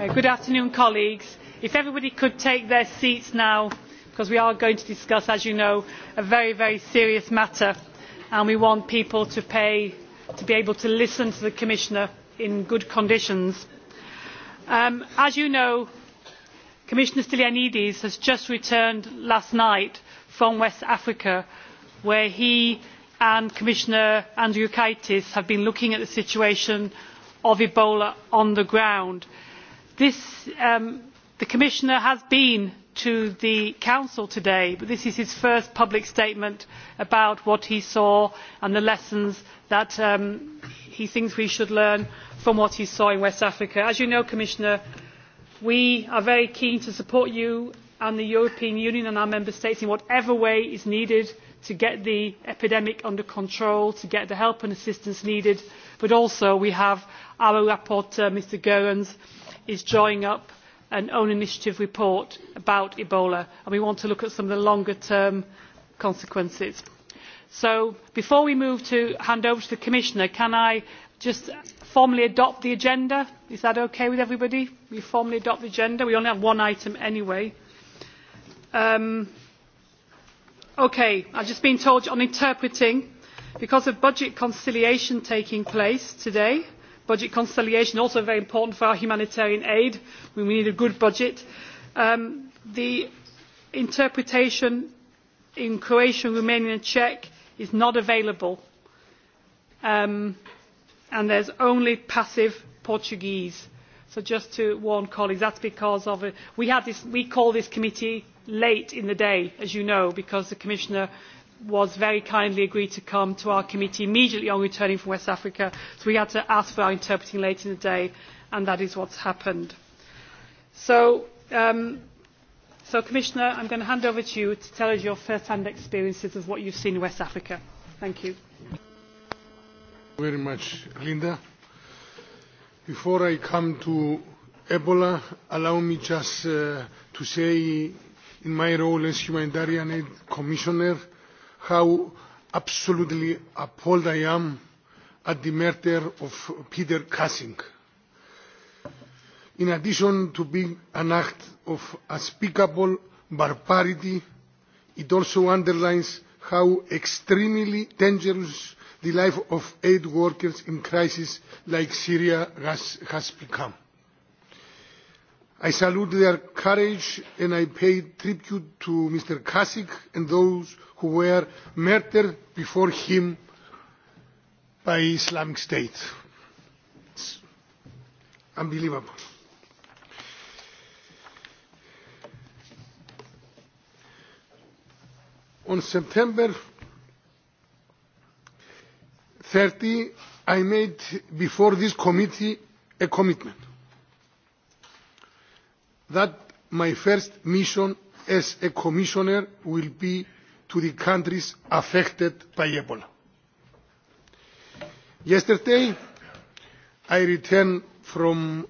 Uh, good afternoon colleagues if everybody could take their seats now because we are going to discuss as you know a very very serious matter and we want people to be able to listen to the commissioner in good conditions. Um, as you know commissioner stylianides has just returned last night from west africa where he and commissioner andriukaitis have been looking at the situation of ebola on the ground. Um, the commissioner has been to the council today but this is his first public statement about what he saw and the lessons that um, he thinks we should learn from what he saw in west africa. as you know commissioner we are very keen to support you and the european union and our member states in whatever way is needed to get the epidemic under control to get the help and assistance needed but also we have our rapporteur mr goerens is drawing up an own initiative report about ebola and we want to look at some of the longer term consequences. so before we move to hand over to the commissioner can i just formally adopt the agenda? is that okay with everybody? we formally adopt the agenda. we only have one item anyway. Um, okay, i've just been told on interpreting because of budget conciliation taking place today budget conciliation also very important for our humanitarian aid we need a good budget. Um, the interpretation in croatian romanian and czech is not available um, and there is only passive portuguese so just to warn colleagues that is because of we, we called this committee late in the day as you know because the commissioner was very kindly agreed to come to our committee immediately on returning from West Africa, so we had to ask for our interpreting late in the day, and that is has happened. So, um, so Commissioner, going to hand over to you to tell us your first-hand experiences of what you have seen in West Africa. Thank you. Very much, Linda. Before I come to Ebola, allow me just uh, to say, in my role as humanitarian aid commissioner, uh, how absolutely appalled i am at the murder of peter kasing. in addition to being an act of unspeakable barbarity it also underlines how extremely dangerous the life of aid workers in crises like syria has become i salute their courage and i pay tribute to mr kasic and those who were murdered before him by islamic state. it is unbelievable. on september 30, i made before this committee a commitment that my first mission as a commissioner will be to the countries affected by ebola. yesterday i returned from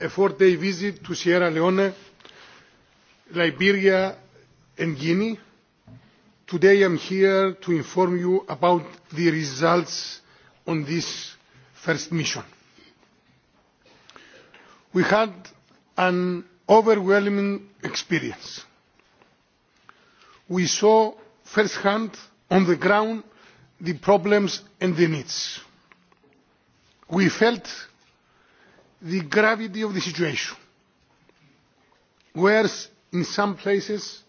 a four day visit to sierra leone liberia and guinea. today i am here to inform you about the results on this first mission. we had an overwhelming experience. We saw first-hand on the ground the problems and the needs. We felt the gravity of the situation. Whereas in some places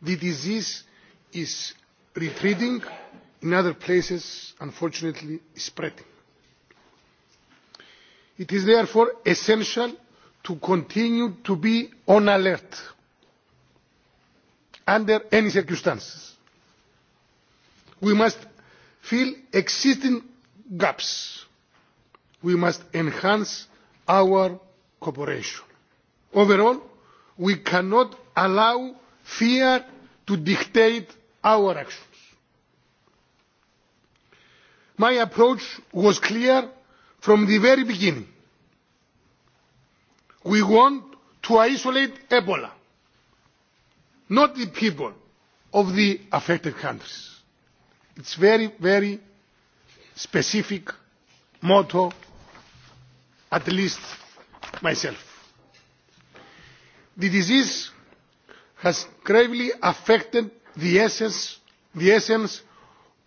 the disease is retreating, in other places, unfortunately, spreading. It is therefore essential to continue to be on alert under any circumstances. we must fill existing gaps. we must enhance our cooperation. overall we cannot allow fear to dictate our actions. my approach was clear from the very beginning we want to isolate ebola not the people of the affected countries. it is a very very specific motto at least myself. the disease has gravely affected the essence, the essence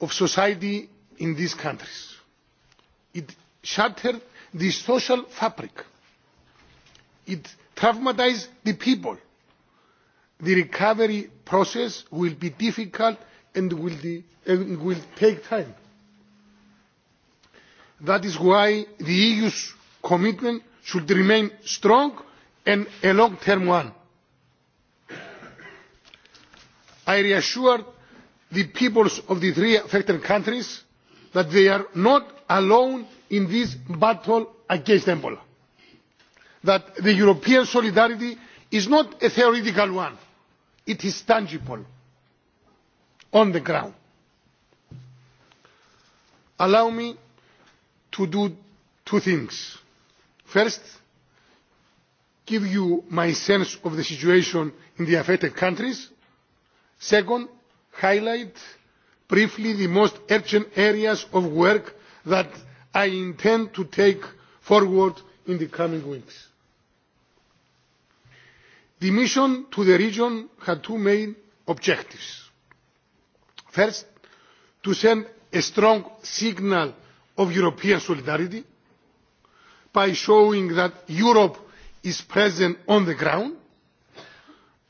of society in these countries. it shattered the social fabric it traumatised the people. the recovery process will be difficult and will, de, and will take time. that is why the eu's commitment should remain strong and a long term one. i reassure the peoples of the three affected countries that they are not alone in this battle against ebola that the european solidarity is not a theoretical one it is tangible on the ground. allow me to do two things. first give you my sense of the situation in the affected countries. second highlight briefly the most urgent areas of work that i intend to take forward in the coming weeks the mission to the region had two main objectives first to send a strong signal of european solidarity by showing that europe is present on the ground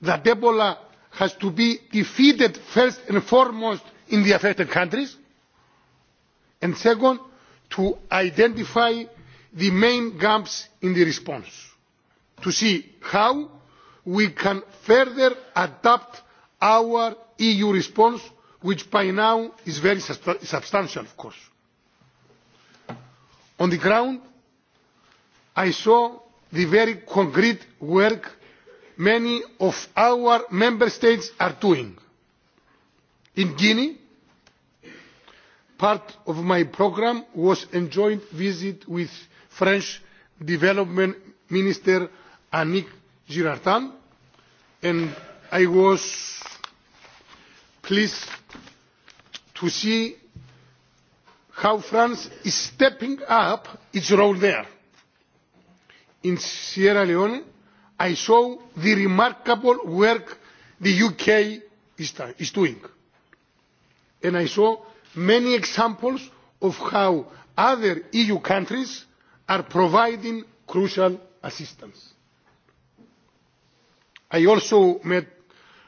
that ebola has to be defeated first and foremost in the affected countries and second to identify the main gaps in the response to see how we can further adapt our eu response which by now is very substantial of course. on the ground i saw the very concrete work many of our member states are doing. in guinea part of my programme was a joint visit with french development minister annick Girardin, and I was pleased to see how France is stepping up its role there. In Sierra Leone, I saw the remarkable work the UK is, is doing. And I saw many examples of how other EU countries are providing crucial assistance i also met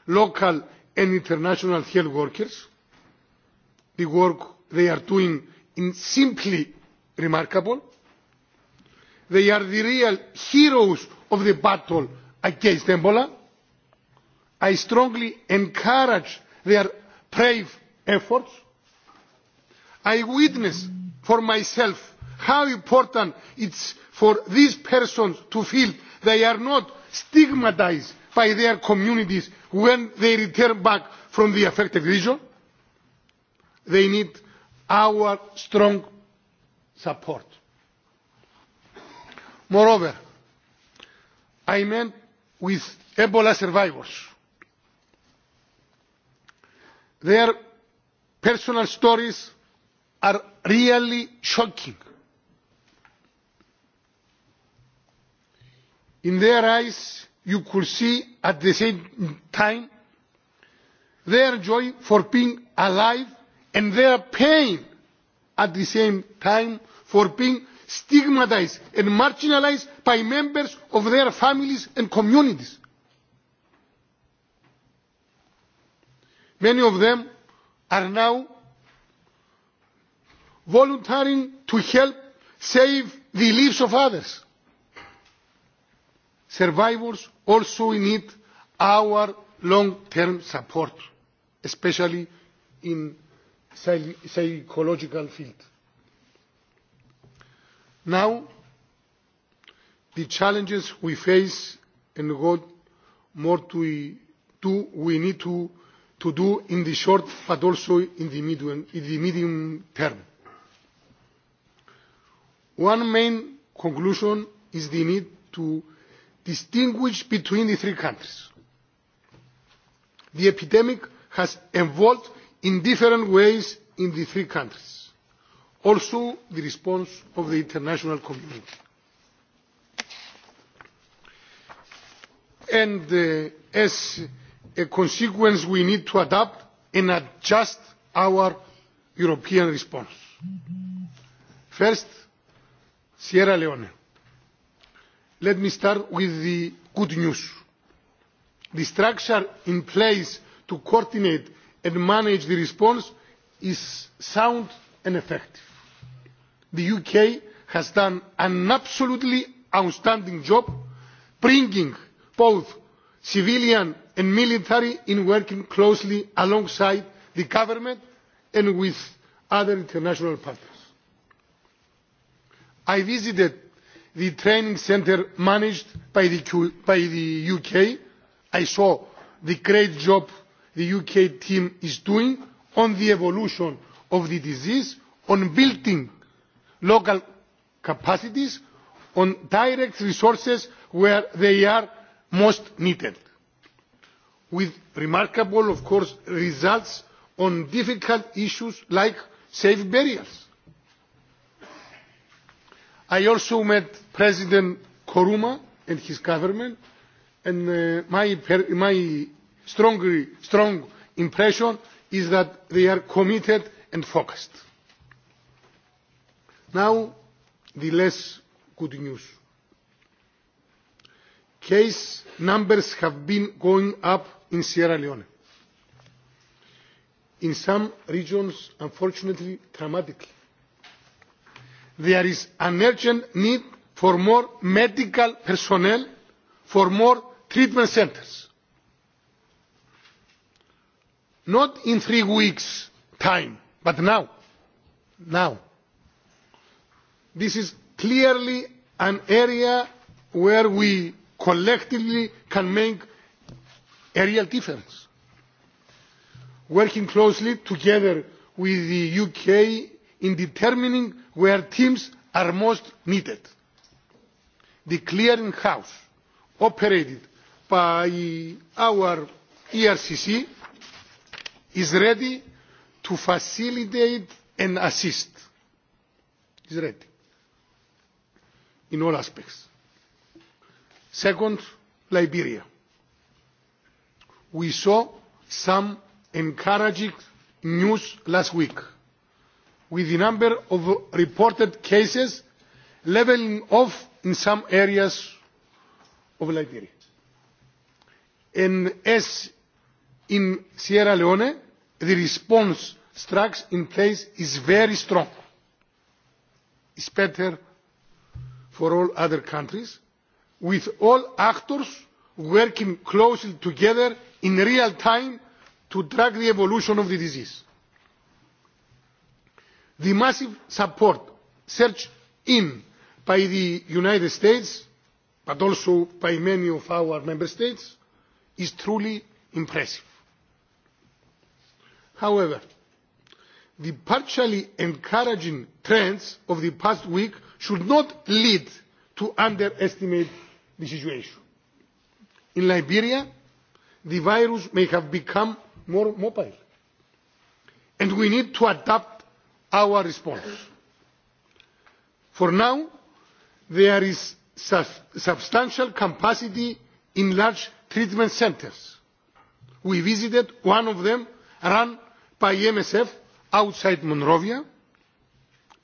local and international health workers. the work they are doing is simply remarkable. they are the real heroes of the battle against ebola. i strongly encourage their brave efforts. i witnessed for myself how important it is for these persons to feel they are not stigmatised by their communities when they return back from the affected region? They need our strong support. Moreover, I met with Ebola survivors. Their personal stories are really shocking. In their eyes, you could see at the same time their joy for being alive and their pain at the same time for being stigmatised and marginalised by members of their families and communities. Many of them are now volunteering to help save the lives of others survivors also need our long term support especially in the psychological field. now the challenges we face and what more we, do we need to, to do in the short but also in the medium, in the medium term. one main conclusion is the need to distinguish between the three countries. The epidemic has evolved in different ways in the three countries. Also, the response of the international community. And uh, as a consequence, we need to adapt and adjust our European response. First, Sierra Leone let me start with the good news. the structure in place to coordinate and manage the response is sound and effective. the uk has done an absolutely outstanding job bringing both civilian and military in working closely alongside the government and with other international partners. i visited the training centre managed by the, uk i saw the great job the uk team is doing on the evolution of the disease on building local capacities on direct resources where they are most needed with remarkable of course results on difficult issues like safe barriers. I also met President Koruma and his government, and uh, my, my strong impression is that they are committed and focused. Now, the less good news. Case numbers have been going up in Sierra Leone. In some regions, unfortunately, dramatically there is an urgent need for more medical personnel for more treatment centres not in three weeks' time but now. now. this is clearly an area where we collectively can make a real difference working closely together with the uk in determining where teams are most needed. The clearing house operated by our ERCC is ready to facilitate and assist. Is ready in all aspects. Second, Liberia. We saw some encouraging news last week with the number of reported cases levelling off in some areas of liberia. and as in sierra leone the response structure in place is very strong. it is better for all other countries with all actors working closely together in real time to track the evolution of the disease the massive support surged in by the united states but also by many of our member states is truly impressive. however the partially encouraging trends of the past week should not lead to underestimate the situation. in liberia the virus may have become more mobile and we need to adapt our response. for now there is substantial capacity in large treatment centres. we visited one of them run by msf outside monrovia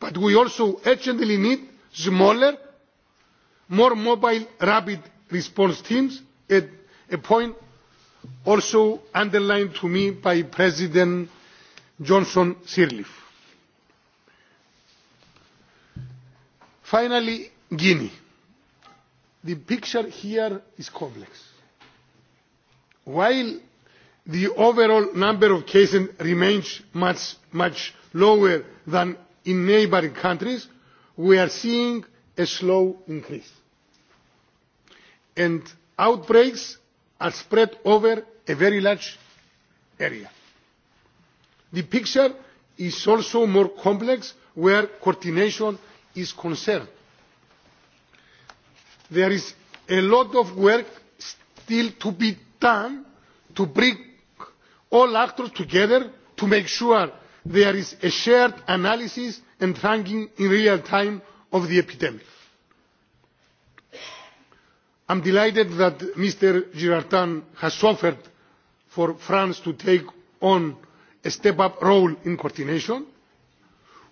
but we also urgently need smaller more mobile rapid response teams a point also underlined to me by president johnson sirleaf. Finally, Guinea. The picture here is complex. While the overall number of cases remains much, much lower than in neighbouring countries, we are seeing a slow increase. And outbreaks are spread over a very large area. The picture is also more complex where coordination is concerned. There is a lot of work still to be done to bring all actors together to make sure there is a shared analysis and tracking in real time of the epidemic. i am delighted that mr girardin has offered for france to take on a step up role in coordination.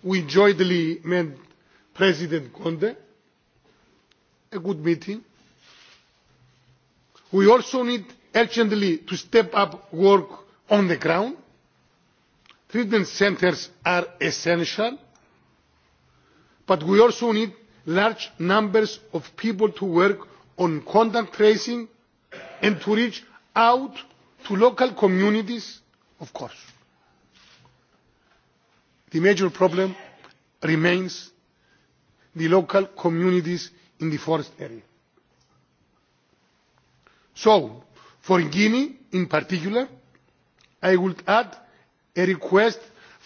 we jointly made President Conte a good meeting. We also need urgently to step up work on the ground. Treatment centres are essential, but we also need large numbers of people to work on contact tracing and to reach out to local communities, of course. The major problem remains the local communities in the forest area. so for guinea in particular i would add a request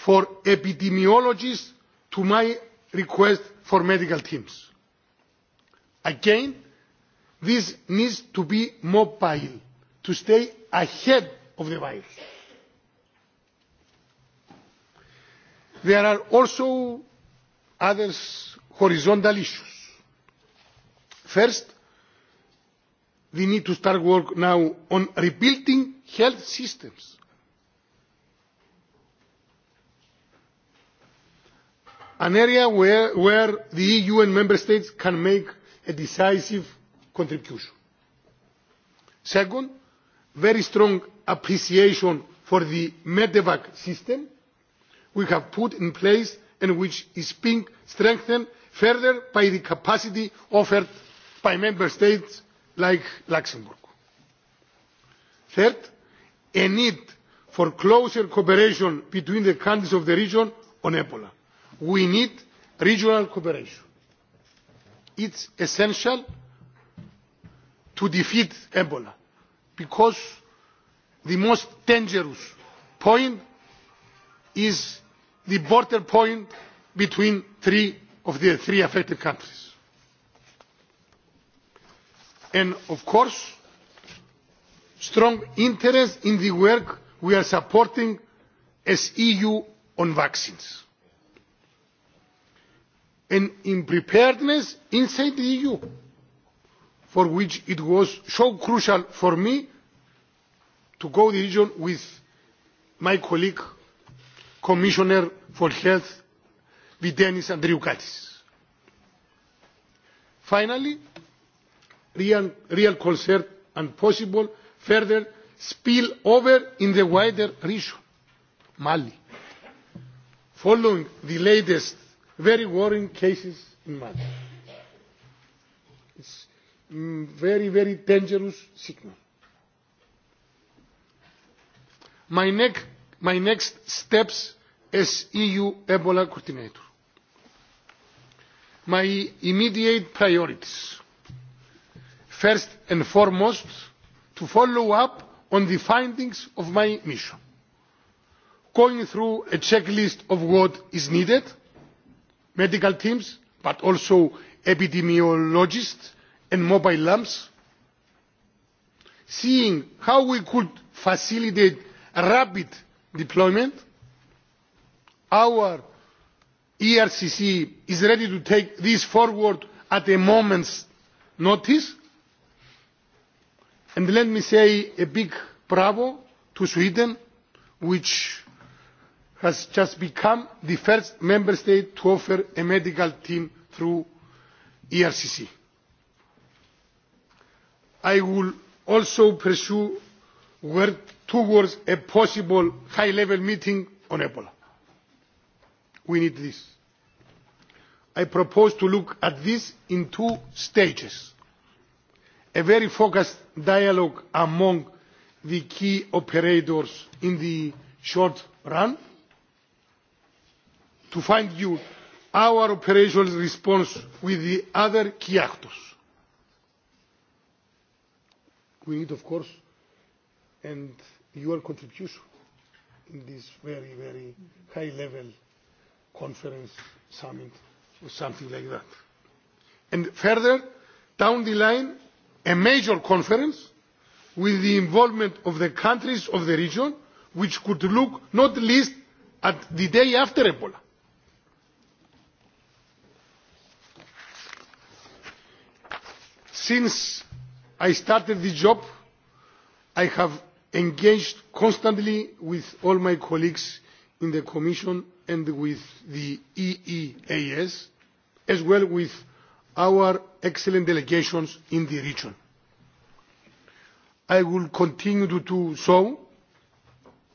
for epidemiologists to my request for medical teams. again this needs to be mobile to stay ahead of the virus. there are also others horizontal issues. first we need to start work now on rebuilding health systems. an area where, where the eu and member states can make a decisive contribution. second very strong appreciation for the medevac system we have put in place and which is being strengthened further by the capacity offered by member states like luxembourg. third a need for closer cooperation between the countries of the region on ebola. we need regional cooperation. it is essential to defeat ebola because the most dangerous point is the border point between three of the three affected countries. And of course, strong interest in the work we are supporting as EU on vaccines. And in preparedness inside the EU, for which it was so crucial for me to go the region with my colleague, Commissioner for Health vytenis Andriukaitis. Finally, real, concern and possible further spill over in the wider region, Mali, following the latest very worrying cases in Mali. It's mm, very, very dangerous signal. my next steps as EU Ebola coordinator my immediate priorities first and foremost to follow up on the findings of my mission going through a checklist of what is needed medical teams but also epidemiologists and mobile labs seeing how we could facilitate rapid deployment our ercc is ready to take this forward at a moment's notice and let me say a big bravo to sweden which has just become the first member state to offer a medical team through the ercc. i will also pursue work towards a possible high level meeting on ebola we need this. i propose to look at this in two stages a very focused dialogue among the key operators in the short run to find you our operational response with the other key actors. we need of course and your contribution in this very very high level conference, summit, or something like that. And further, down the line, a major conference with the involvement of the countries of the region, which could look not least at the day after Ebola. Since I started the job, I have engaged constantly with all my colleagues in the Commission and with the eeas as well as with our excellent delegations in the region. i will continue to do so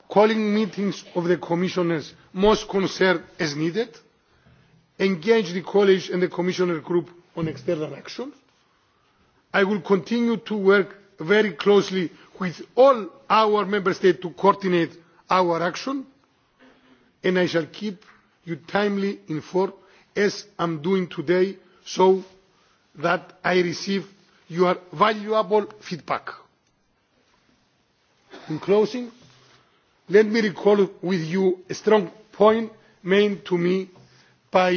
calling meetings of the commissioners most concerned as needed engage the college and the commissioner group on external action. i will continue to work very closely with all our member states to coordinate our action and i shall keep you timely informed as i am doing today so that i receive your valuable feedback. in closing let me recall with you a strong point made to me by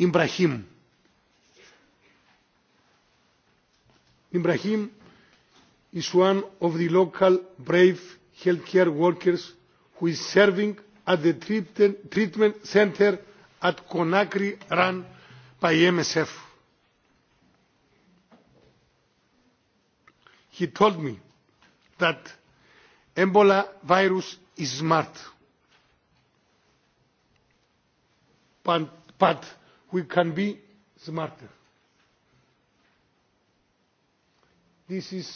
ibrahim. ibrahim is one of the local brave healthcare workers who is serving at the treatment centre at conakry run by msf. he told me that ebola virus is smart but, but we can be smarter. this is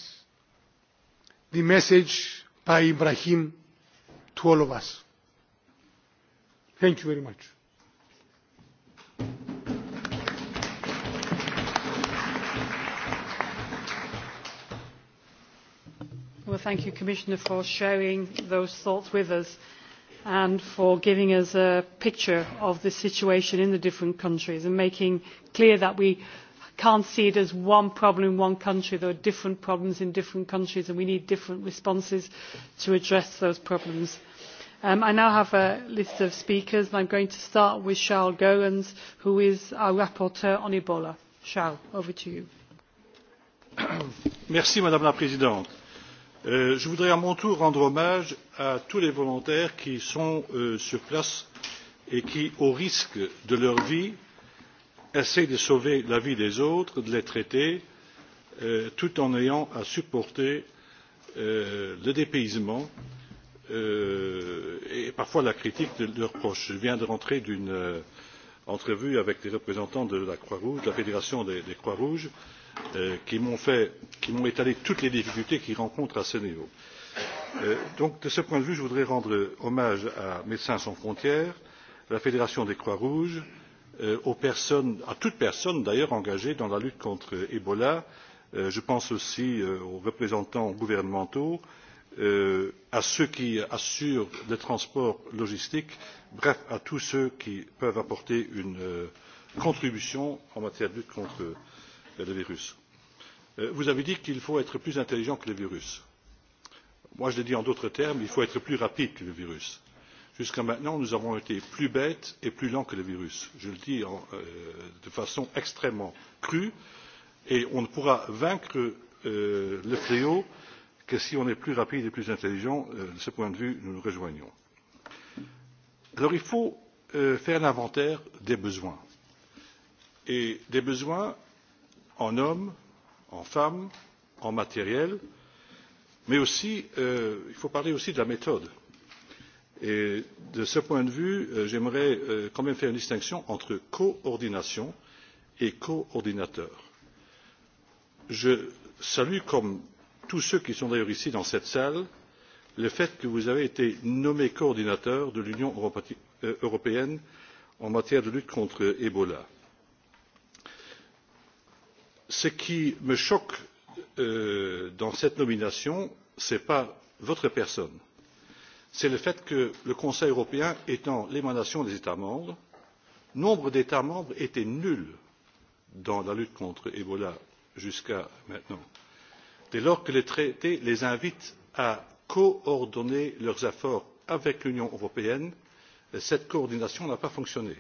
the message by ibrahim to all of us. Thank you very much. Well, thank you, Commissioner, for sharing those thoughts with us and for giving us a picture of the situation in the different countries and making clear that we can't see it as one problem in one country. There are different problems in different countries and we need different responses to address those problems. Um, I now have a list of speakers, and going to start with Charles Goerens, who is our rapporteur on Ebola. Charles, Madame la Présidente. Euh, je voudrais à mon tour rendre hommage à tous les volontaires qui sont euh, sur place et qui, au risque de leur vie, essaient de sauver la vie des autres, de les traiter, euh, tout en ayant à supporter le dépaysement Euh, et parfois la critique de leurs proches. je viens de rentrer d'une euh, entrevue avec des représentants de la croix rouge de la fédération des, croix rouges euh, qui m'ont étalé toutes les difficultés qu'ils rencontrent à ce niveau. de ce point de vue je voudrais rendre hommage à médecins sans frontières à la fédération des croix rouges à toute personne d'ailleurs engagée dans la lutte contre ebola je pense aussi aux représentants gouvernementaux Euh, à ceux qui assurent le transport logistique bref à tous ceux qui peuvent apporter une euh, contribution en matière de lutte contre euh, le virus. vous avez dit qu'il faut être plus intelligent que le virus. moi je le dis en d'autres termes il faut être plus rapide que le virus. jusqu'à maintenant nous avons été plus bêtes et plus lents que le virus. je le dis de façon extrêmement crue et on ne pourra vaincre le fléau que si on est plus rapide et plus intelligent. Euh, de ce point de vue nous nous rejoignons. alors il faut euh, faire l'inventaire des besoins et des besoins en hommes en femmes en matériel mais aussi euh, il faut parler aussi de la méthode et de ce point de vue j'aimerais quand même faire une distinction entre coordination et coordinateur. je salue comme tous ceux qui sont d'ailleurs ici dans cette salle le fait que vous avez été nommé coordinateur de l'union euh, européenne en matière de lutte contre ebola. ce qui me choque euh, dans cette nomination ce n'est pas votre personne c'est le fait que le conseil européen étant l'émanation des états membres nombre d'états membres étaient nuls dans la lutte contre ebola jusqu'à maintenant dès lors que les traités les invitent à coordonner leurs efforts avec l'union européenne cette coordination n'a pas fonctionné.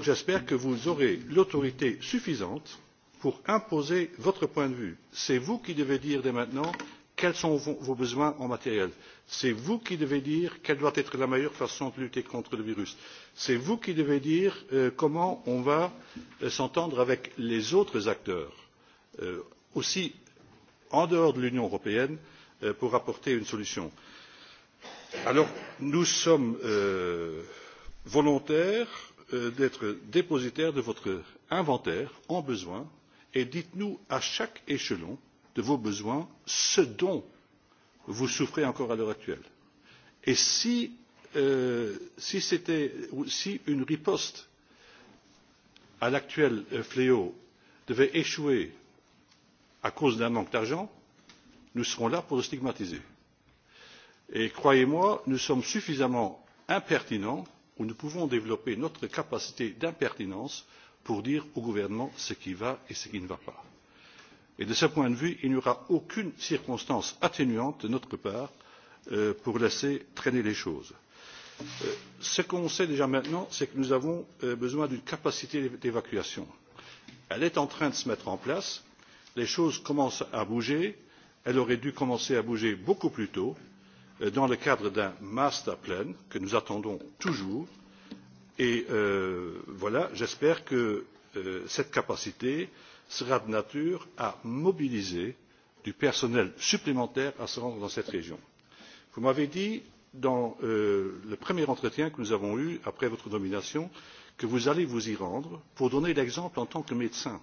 j'espère donc que vous aurez l'autorité suffisante pour imposer votre point de vue. c'est vous qui devez dire dès maintenant quels sont vos besoins en matériel c'est vous qui devez dire quelle doit être la meilleure façon de lutter contre le virus c'est vous qui devez dire euh, comment on va euh, s'entendre avec les autres acteurs euh, aussi en dehors de l'union européenne euh, pour apporter une solution. nous sommes euh, volontaires euh, d'être dépositaires de votre inventaire en besoins et dites nous à chaque échelon de vos besoins ce dont vous souffrez encore à l'heure actuelle et si une riposte à l'actuel fléau devait échouer à cause d'un manque d'argent nous serons là pour le stigmatiser. et croyez moi nous sommes suffisamment impertinents ou nous pouvons développer notre capacité d'impertinence pour dire au gouvernement ce qui va et ce qui ne va pas. Et de ce point de vue il n'y aura aucune circonstance atténuante de notre part euh, pour laisser traîner les choses. ce euh, ce qu'on sait déjà maintenant c'est que nous avons euh, besoin d'une capacité d'évacuation. elle est en train de se mettre en place les choses commencent à bouger elles auraient dû commencer à bouger beaucoup plus tôt euh, dans le cadre d'un master plan que nous attendons toujours et euh, voilà j'espère que euh, cette capacité sera de nature à mobiliser du personnel supplémentaire à se rendre dans cette région. vous m'avez dit dans le premier entretien que nous avons eu après votre nomination que vous allez vous y rendre pour donner l'exemple en tant que médecin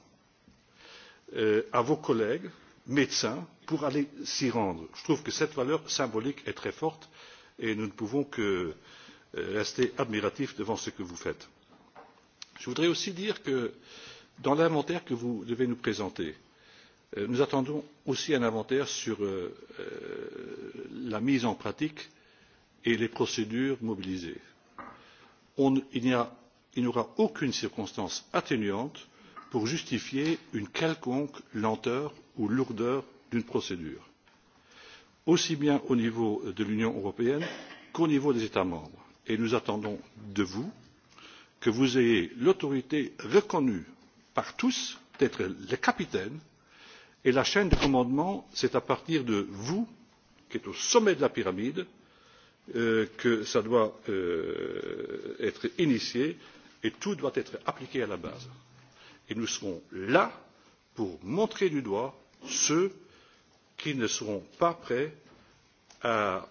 Euh, à vos collègues médecins pour aller s'y rendre. je trouve que cette valeur symbolique est très forte et nous ne pouvons que euh, rester admiratifs devant ce que vous faites. je voudrais aussi dire que dans l'inventaire que vous devez nous présenter euh, nous attendons aussi un inventaire sur la mise en pratique et les procédures mobilisées. il n'y aura aucune circonstance atténuante pour justifier une quelconque lenteur ou lourdeur d'une procédure aussi bien au niveau de l'union européenne qu'au niveau des états membres et nous attendons de vous que vous ayez l'autorité reconnue par tous d'être le capitaine et la chaîne de commandement c'est à partir de vous qui êtes au sommet de la pyramide euh, que cela doit euh, être initié et tout doit être appliqué à la base et nous serons là pour montrer du doigt ceux qui ne seront pas prêts à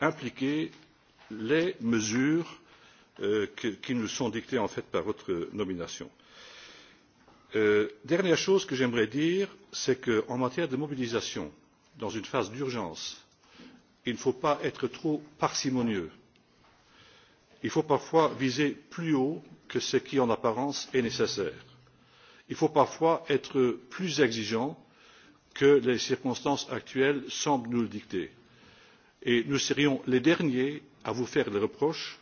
appliquer euh, les mesures euh, qui nous sont dictées en fait par votre nomination. Euh, dernière chose que j'aimerais dire c'est qu'en matière de mobilisation dans une phase d'urgence il ne faut pas être trop parcimonieux. il faut parfois viser plus haut que ce qui en apparence est nécessaire il faut parfois être plus exigeant que les circonstances actuelles semblent nous le dicter et nous serions les derniers à vous faire des reproches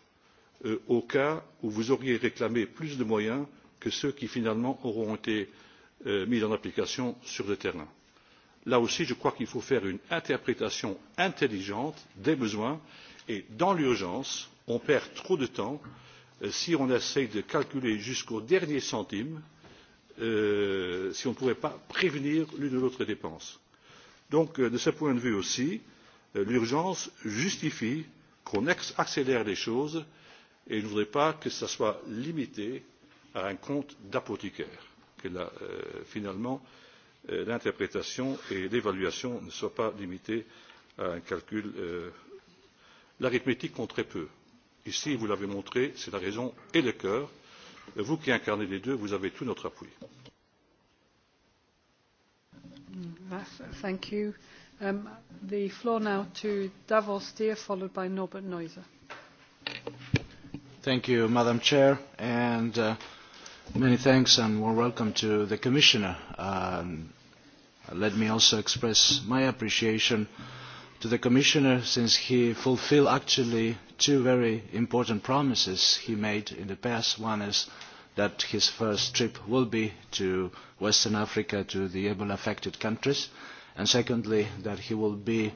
euh, au cas où vous auriez réclamé plus de moyens que ceux qui finalement auront été euh, mis en application sur le terrain. là aussi je crois qu'il faut faire une interprétation intelligente des besoins et dans l'urgence on perd trop de temps euh, si on essaie de calculer jusqu'au dernier centime Euh, si on ne pouvait pas prévenir l'une ou l'autre dépense. Euh, de ce point de vue aussi euh, l'urgence justifie qu'on accélère les choses et je ne voudrais pas que cela soit limité à un compte d'apothicaire que finalement l'interprétation et l'évaluation ne soient pas limitées à un calcul. l'arithmétique compte très peu. ici vous l'avez montré c'est la raison et le cœur vous qui incarnez les deux vous avez tout notre appui. Mm, thank you. Um, the floor now to Davor Steer, followed by Norbert Neuser. Thank you, Madam Chair, and uh, many thanks and warm welcome to the Commissioner. Um, let me also express my appreciation to the Commissioner since he fulfilled actually two very important promises he made in the past. One is that his first trip will be to Western Africa, to the Ebola-affected countries, and secondly, that he will be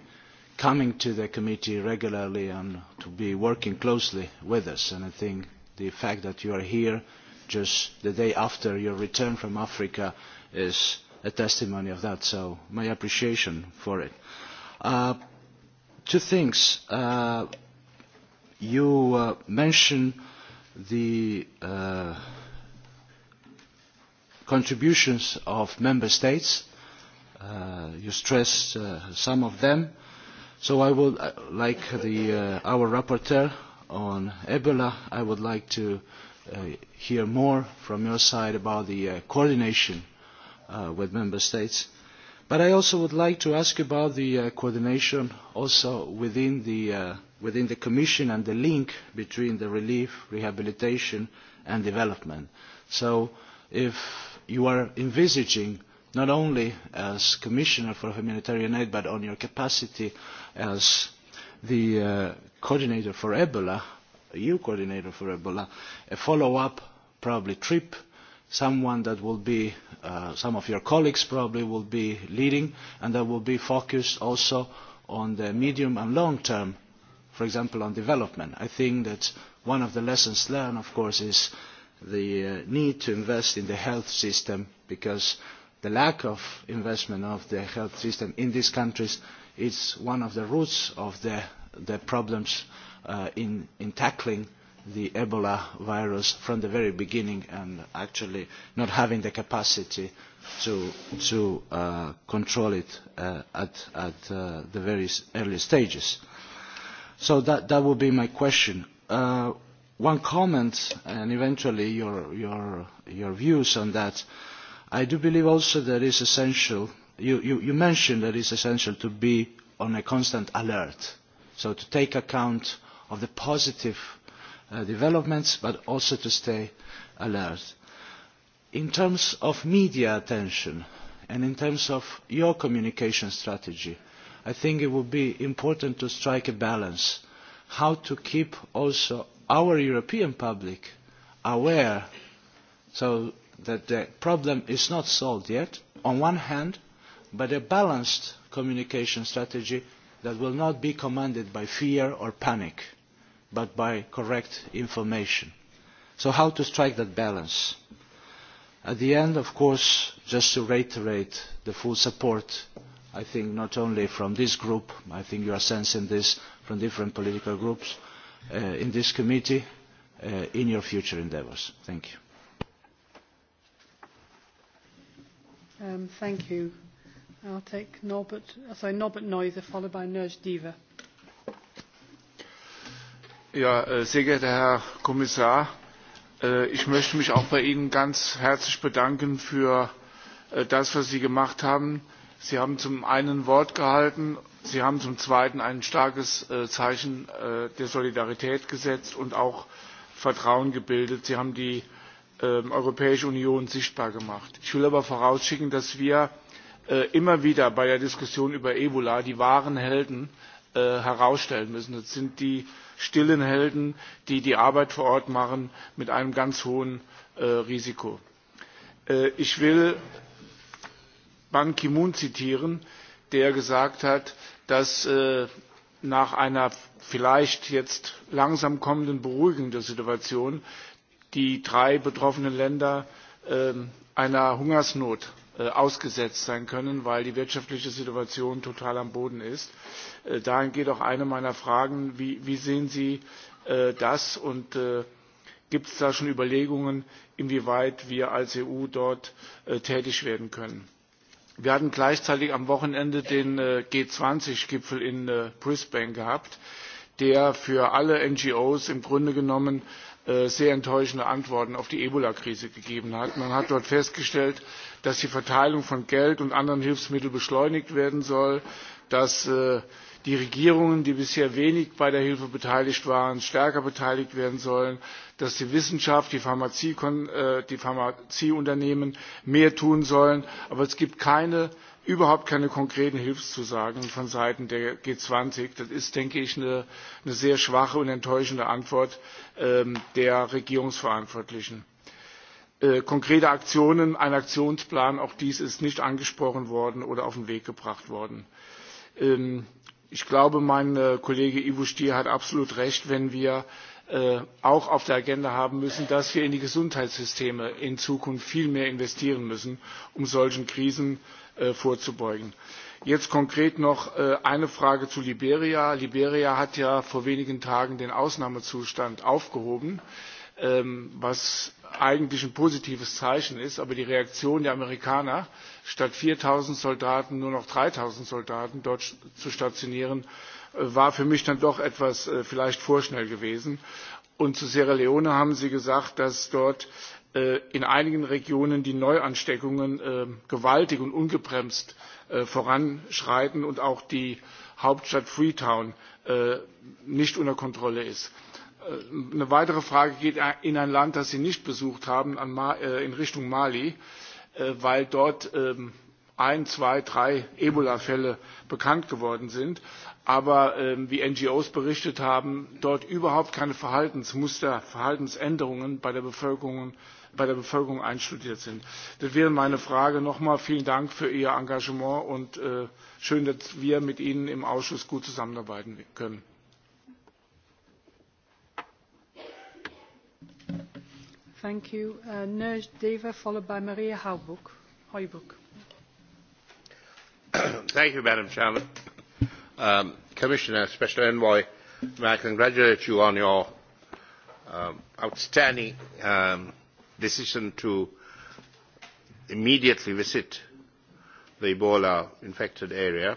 coming to the committee regularly and to be working closely with us. And I think the fact that you are here just the day after your return from Africa is a testimony of that, so my appreciation for it. Uh, two things. Uh, you uh, mentioned the uh, contributions of member states. Uh, you stressed uh, some of them. So I would, uh, like the, uh, our rapporteur on Ebola, I would like to uh, hear more from your side about the uh, coordination uh, with member states. But I also would like to ask about the uh, coordination also within the, uh, within the Commission and the link between the relief, rehabilitation and development. So if you are envisaging not only as Commissioner for Humanitarian Aid but on your capacity as the uh, coordinator for Ebola, EU coordinator for Ebola, a follow-up probably trip someone that will be, uh, some of your colleagues probably will be leading, and that will be focused also on the medium and long term, for example, on development. I think that one of the lessons learned, of course, is the uh, need to invest in the health system because the lack of investment of the health system in these countries is one of the roots of the, the problems uh, in, in tackling uh, the Ebola virus from the very beginning and actually not having the capacity to, to uh, control it uh, at, at uh, the very early stages. So that, that would be my question. Uh, one comment and eventually your, your, your views on that. I do believe also that it is essential, you, you, you mentioned that it is essential to be on a constant alert, so to take account of the positive Uh, developments, but also to stay alert. In terms of media attention and in terms of your communication strategy, I think it would be important to strike a balance how to keep also our European public aware so that the problem is not solved yet on one hand, but a balanced communication strategy that will not be commanded by fear or panic but by correct information. So how to strike that balance? At the end, of course, just to reiterate the full support, I think not only from this group, I think you are sensing this from different political groups, uh, in this committee, uh, in your future endeavours. Thank you. Um, thank you. I'll take Norbert, uh, sorry, Norbert Neuser, followed by Nerj Diva. Äh, sehr geehrter Herr Kommissar, äh, ich möchte mich auch bei Ihnen ganz herzlich bedanken für äh, das, was Sie gemacht haben. Sie haben zum einen Wort gehalten, Sie haben zum zweiten ein starkes Zeichen der Solidarität gesetzt und auch Vertrauen gebildet. Sie haben die ähm, Europäische Union sichtbar gemacht. Ich will aber vorausschicken, dass wir immer wieder bei der Diskussion über Ebola die wahren Helden herausstellen müssen. Das sind die stillen Helden, die die Arbeit vor Ort machen, mit einem ganz hohen äh, Risiko. Äh, ich will Ban Ki-moon zitieren, der gesagt hat, dass äh, nach einer vielleicht jetzt langsam kommenden beruhigenden Situation die drei betroffenen Länder äh, einer Hungersnot Äh, ausgesetzt sein können weil die wirtschaftliche situation total am boden ist. Äh, dahin geht auch eine meiner fragen wie, wie sehen sie äh, das und gibt es da schon überlegungen inwieweit wir als eu dort tätig werden können? wir hatten gleichzeitig am wochenende den g zwanzig gipfel in brisbane gehabt der für alle ngos im grunde genommen sehr enttäuschende antworten auf die ebola krise gegeben hat. man hat dort festgestellt dass die Verteilung von Geld und anderen Hilfsmitteln beschleunigt werden soll, dass äh, die Regierungen, die bisher wenig bei der Hilfe beteiligt waren, stärker beteiligt werden sollen, dass die Wissenschaft, die, Pharmazie, äh, die Pharmazieunternehmen mehr tun sollen. Aber es gibt keine, überhaupt keine konkreten Hilfszusagen von Seiten der G20. Das ist, denke ich, eine, eine sehr schwache und enttäuschende Antwort ähm, der Regierungsverantwortlichen. Äh, konkrete Aktionen, ein Aktionsplan, auch dies ist nicht angesprochen worden oder auf den Weg gebracht worden. Ähm, ich glaube, mein äh, Kollege Ivo Stier hat absolut recht, wenn wir äh, auch auf der Agenda haben müssen, dass wir in die Gesundheitssysteme in Zukunft viel mehr investieren müssen, um solchen Krisen vorzubeugen. Jetzt konkret noch eine Frage zu Liberia. Liberia hat ja vor wenigen Tagen den Ausnahmezustand aufgehoben. Äh, Ähm, was eigentlich ein positives Zeichen ist. Aber die Reaktion der Amerikaner, statt 4.000 Soldaten nur noch 3.000 Soldaten dort zu stationieren, äh, war für mich dann doch etwas äh, vielleicht vorschnell gewesen. Und zu Sierra Leone haben Sie gesagt, dass dort äh, in einigen Regionen die Neuansteckungen gewaltig und ungebremst voranschreiten und auch die Hauptstadt Freetown nicht unter Kontrolle ist. Äh, eine weitere Frage geht in ein Land, das Sie nicht besucht haben, an Ma äh, in Richtung Mali, äh, weil dort ähm, ein, zwei, drei Ebola-Fälle bekannt geworden sind. Aber ähm, wie NGOs berichtet haben, dort überhaupt keine Verhaltensmuster, Verhaltensänderungen bei der Bevölkerung bei der Bevölkerung einstudiert sind. Das wäre meine Frage. Nochmal vielen Dank für Ihr Engagement und äh, schön, dass wir mit Ihnen im Ausschuss gut zusammenarbeiten können. Madam president um, Commissioner, Special Envoy, may I congratulate you on your um, outstanding um, decision to immediately visit the Ebola infected area.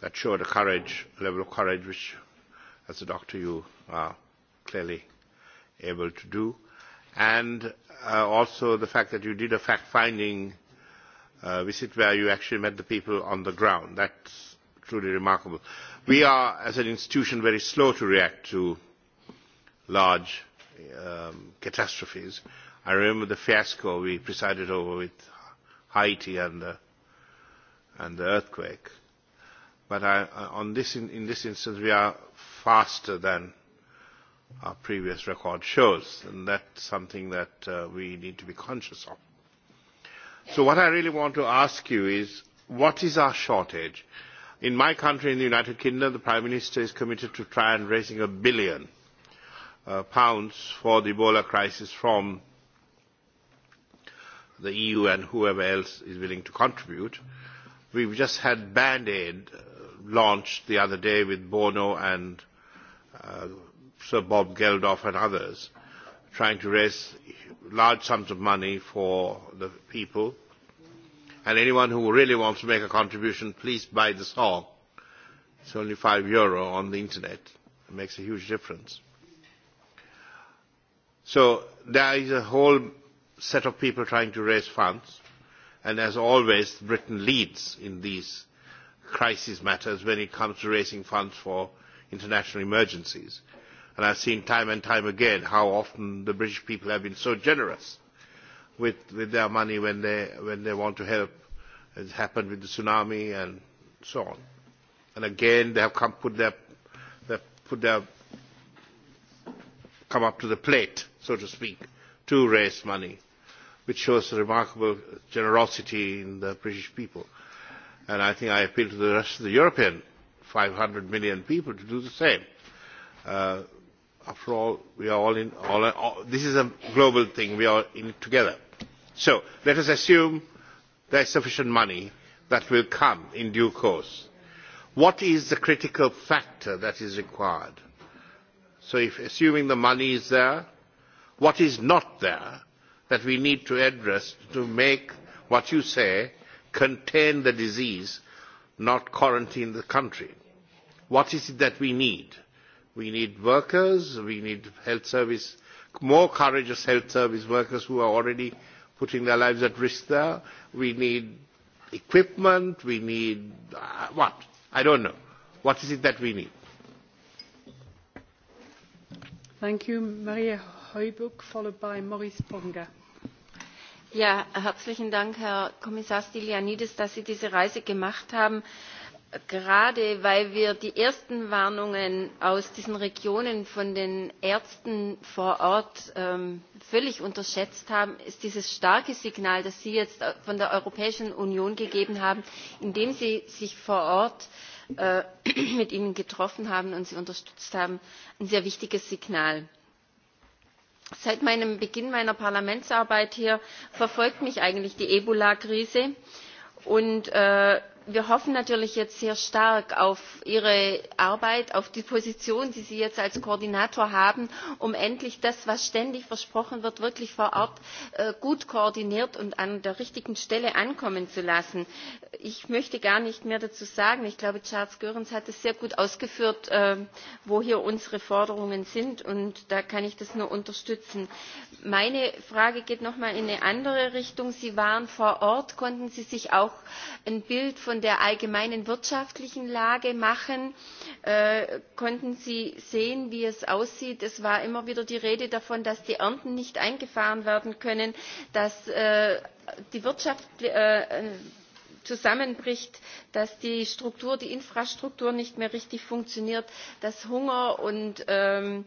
That showed a courage, a level of courage which, as a doctor, you are clearly able to do and uh, also the fact that you did a fact finding uh, visit where you actually met the people on the ground. that is truly remarkable. we are as an institution very slow to react to large um, catastrophes. i remember the fiasco we presided over with haiti and the, and the earthquake. but I, uh, on this, in, in this instance we are faster than our previous record shows. And that's something that uh, we need to be conscious of. So what I really want to ask you is, what is our shortage? In my country, in the United Kingdom, the Prime Minister is committed to try and raising a billion uh, pounds for the Ebola crisis from the EU and whoever else is willing to contribute. We've just had Band-Aid uh, launched the other day with Bono and uh, Sir Bob Geldof and others, trying to raise large sums of money for the people. And anyone who really wants to make a contribution, please buy the song. It's only five euro on the internet. It makes a huge difference. So there is a whole set of people trying to raise funds. And as always, Britain leads in these crisis matters when it comes to raising funds for international emergencies and i have seen time and time again how often the british people have been so generous with, their money when they, want to help as happened with the tsunami and so on. And again, they have come, up to the plate, so to speak, to raise money, which shows a remarkable generosity in the British people. And I think I appeal to the rest of the European five hundred million people to do the same. Uh, after all we are all in all, all, this is a global thing we are in it together so let us assume there is sufficient money that will come in due course what is the critical factor that is required so if assuming the money is there what is not there that we need to address to make what you say contain the disease not quarantine the country what is it that we need? we need workers we need health service more courageous health service workers who are already putting their lives at risk there we need equipment we need uh, what i don't know what is it that we need thank you maria followed by maurice ponga ja herzlichen dank herr kommissar stylianides dass sie diese reise gemacht haben gerade weil wir die ersten warnungen aus diesen regionen von den ärzten vor ort ähm, völlig unterschätzt haben ist dieses starke signal das sie jetzt von der europäischen union gegeben haben indem sie sich vor ort äh, mit ihnen getroffen haben und sie unterstützt haben ein sehr wichtiges signal. seit meinem beginn meiner parlamentsarbeit hier verfolgt mich eigentlich die ebola krise und äh, wir hoffen natürlich jetzt sehr stark auf ihre arbeit auf die position die sie jetzt als koordinator haben um endlich das was ständig versprochen wird wirklich vor ort äh, gut koordiniert und an der richtigen stelle ankommen zu lassen. ich möchte gar nicht mehr dazu sagen ich glaube charles goerens hat es sehr gut ausgeführt äh, wo hier unsere forderungen sind und da kann ich das nur unterstützen. meine frage geht noch mal in eine andere richtung sie waren vor ort konnten sie sich auch ein bild von der allgemeinen wirtschaftlichen Lage machen, äh, konnten Sie sehen, wie es aussieht. Es war immer wieder die Rede davon, dass die Ernten nicht eingefahren werden können, dass äh, die Wirtschaft äh, zusammenbricht dass die struktur die infrastruktur nicht mehr richtig funktioniert dass hunger und ähm,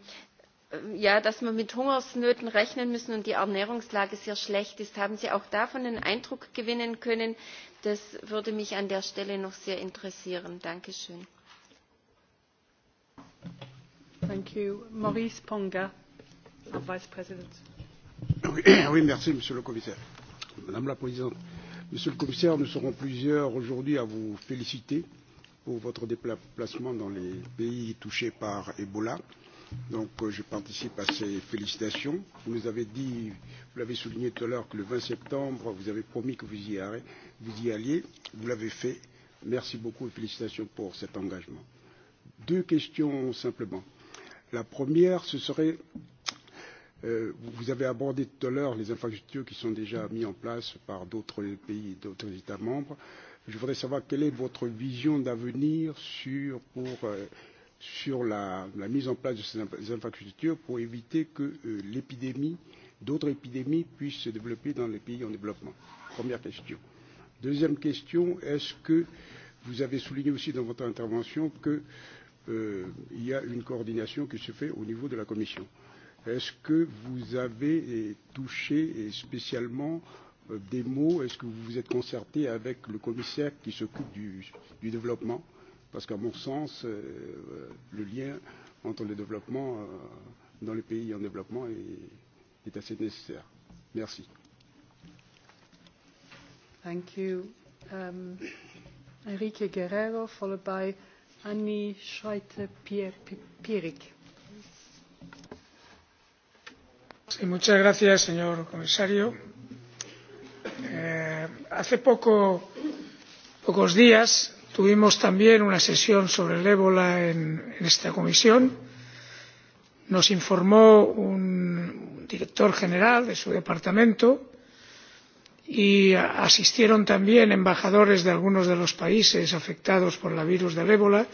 dass wir mit Hungersnöten rechnen müssen und die Ernährungslage sehr schlecht ist. Haben Sie auch davon einen Eindruck gewinnen können? Das würde mich an der Stelle noch sehr interessieren. Madame la Présidente, Monsieur le Commissaire, nous serons plusieurs aujourd'hui à vous féliciter pour votre déplacement dans les pays touchés par Ebola. Donc euh, je participe à ces félicitations. Vous nous avez dit, vous l'avez souligné tout à l'heure, que le 20 septembre, vous avez promis que vous y, arrêt, vous y alliez. Vous l'avez fait. Merci beaucoup et félicitations pour cet engagement. Deux questions simplement. La première, ce serait, euh, vous avez abordé tout à l'heure les infrastructures qui sont déjà mises en place par d'autres pays, d'autres États membres. Je voudrais savoir quelle est votre vision d'avenir sur pour euh, sur la, la mise en place de ces infrastructures pour éviter que euh, l'épidémie, d'autres épidémies puissent se développer dans les pays en développement Première question. Deuxième question, est-ce que vous avez souligné aussi dans votre intervention qu'il euh, y a une coordination qui se fait au niveau de la Commission Est-ce que vous avez euh, touché euh, spécialement euh, des mots Est-ce que vous vous êtes concerté avec le commissaire qui s'occupe du, du développement parce qu'à mon sens, euh, le lien entre le développement euh, dans les pays en développement est, est assez nécessaire. Merci. Thank you. Um, Enrique Guerrero, followed by Annie Schreiter-Pierik. Sí, muchas gracias, señor comisario. Eh, hace poco, pocos días tuvimos también una sesión sobre el ébola en, esta comisión nos informó un director general de su departamento y asistieron también embajadores de algunos de los países afectados por el virus del ébola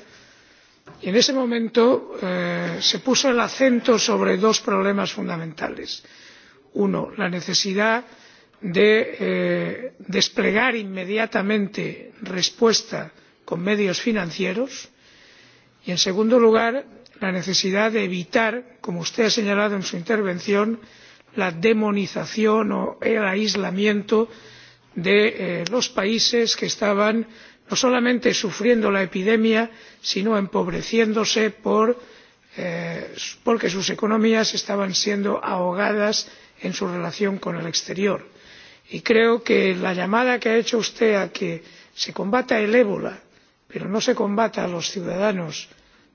y en ese momento eh, se puso el acento sobre dos problemas fundamentales uno la necesidad de eh, desplegar inmediatamente respuesta con medios financieros y en segundo lugar la necesidad de evitar como usted ha señalado en su intervención la demonización o el aislamiento de eh, los países que estaban no solamente sufriendo la epidemia sino empobreciéndose por, eh, porque sus economías estaban siendo ahogadas en su relación con el exterior. y creo que la llamada que ha hecho usted a que se combata el ébola pero no se combata a los ciudadanos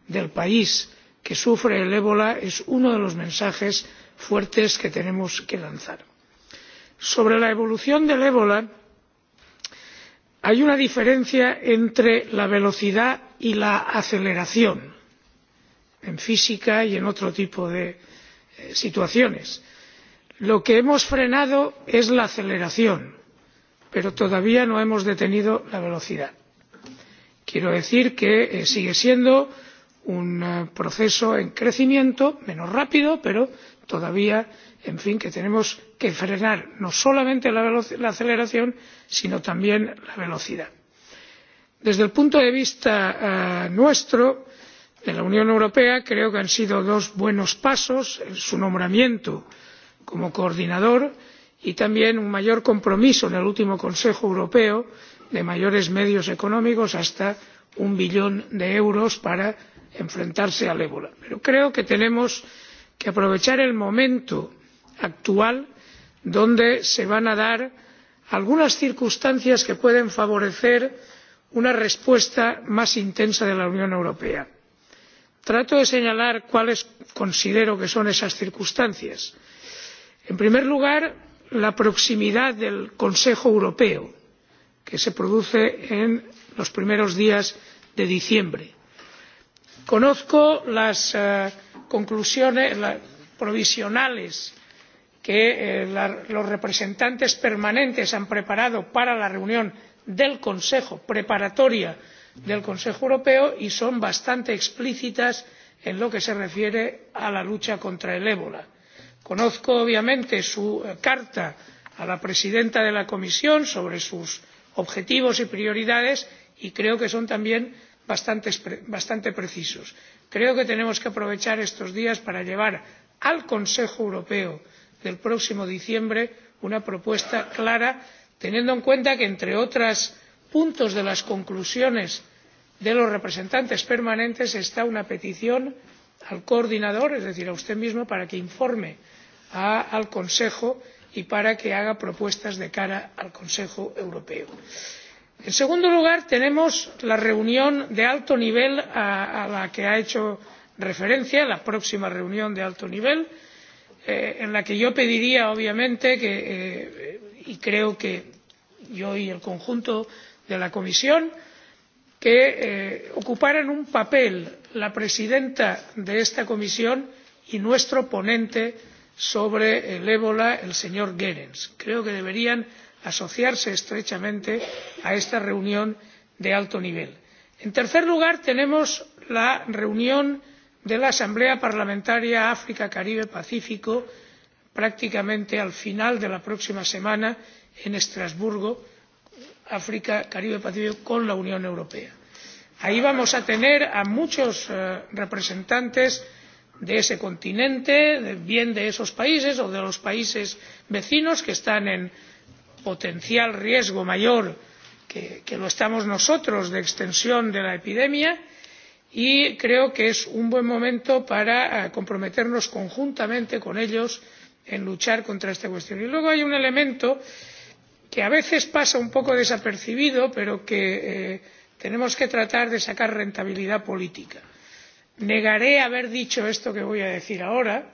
del país que sufre el ébola es uno de los mensajes fuertes que tenemos que lanzar. sobre la evolución del ébola hay una diferencia entre la velocidad y la aceleración en física y en otro tipo de eh, situaciones. lo que hemos frenado es la aceleración pero todavía no hemos detenido la velocidad quiero decir que eh, sigue siendo un eh, proceso en crecimiento menos rápido pero todavía en fin que tenemos que frenar no solamente la, aceleración sino también la velocidad. desde el punto de vista eh, nuestro de la unión europea creo que han sido dos buenos pasos su nombramiento como coordinador y también un mayor compromiso en el último consejo europeo de mayores medios económicos hasta un billón de euros para enfrentarse al ébola. pero creo que tenemos que aprovechar el momento actual en que se van a dar algunas circunstancias que pueden favorecer una respuesta más intensa de la unión europea. trato de señalar cuáles considero que son esas circunstancias. en primer lugar la proximidad del consejo europeo que se produce en los primeros días de diciembre. conozco las eh, conclusiones provisionales que eh, los representantes permanentes han preparado para la reunión del consejo preparatoria del consejo europeo y son bastante explícitas en lo que se refiere a la lucha contra el ébola. conozco obviamente su eh, carta a la presidenta de la comisión sobre sus objetivos y prioridades y creo que son también bastante, precisos. creo que tenemos que aprovechar estos días para llevar al consejo europeo del próximo diciembre una propuesta clara teniendo en cuenta que entre otros puntos de las conclusiones de los representantes permanentes está una petición al coordinador es decir a usted mismo para que informe al consejo sobre y para que haga propuestas de cara al consejo europeo. en segundo lugar tenemos la reunión de alto nivel a, la que ha hecho referencia la próxima reunión de alto nivel eh, en la que yo pediría obviamente eh, y creo que yo y el conjunto de la comisión que eh, ocuparan un papel la presidenta de esta comisión y nuestro ponente sobre el ébola el señor goerens. creo que deberían asociarse estrechamente a esta reunión de alto nivel. en tercer lugar tenemos la reunión de la asamblea parlamentaria áfrica caribe pacífico prácticamente al final de la próxima semana en estrasburgo áfrica caribe pacífico con la unión europea. ahí vamos a tener a muchos eh, representantes de de ese continente bien de esos países o de los países vecinos que están en potencial riesgo mayor que, que lo estamos nosotros de extensión de la epidemia y creo que es un buen momento para eh, comprometernos conjuntamente con ellos en luchar contra esta cuestión. y luego hay un elemento que a veces pasa un poco desapercibido pero que eh, tenemos que tratar de sacar rentabilidad política negaré haber dicho esto que voy a decir ahora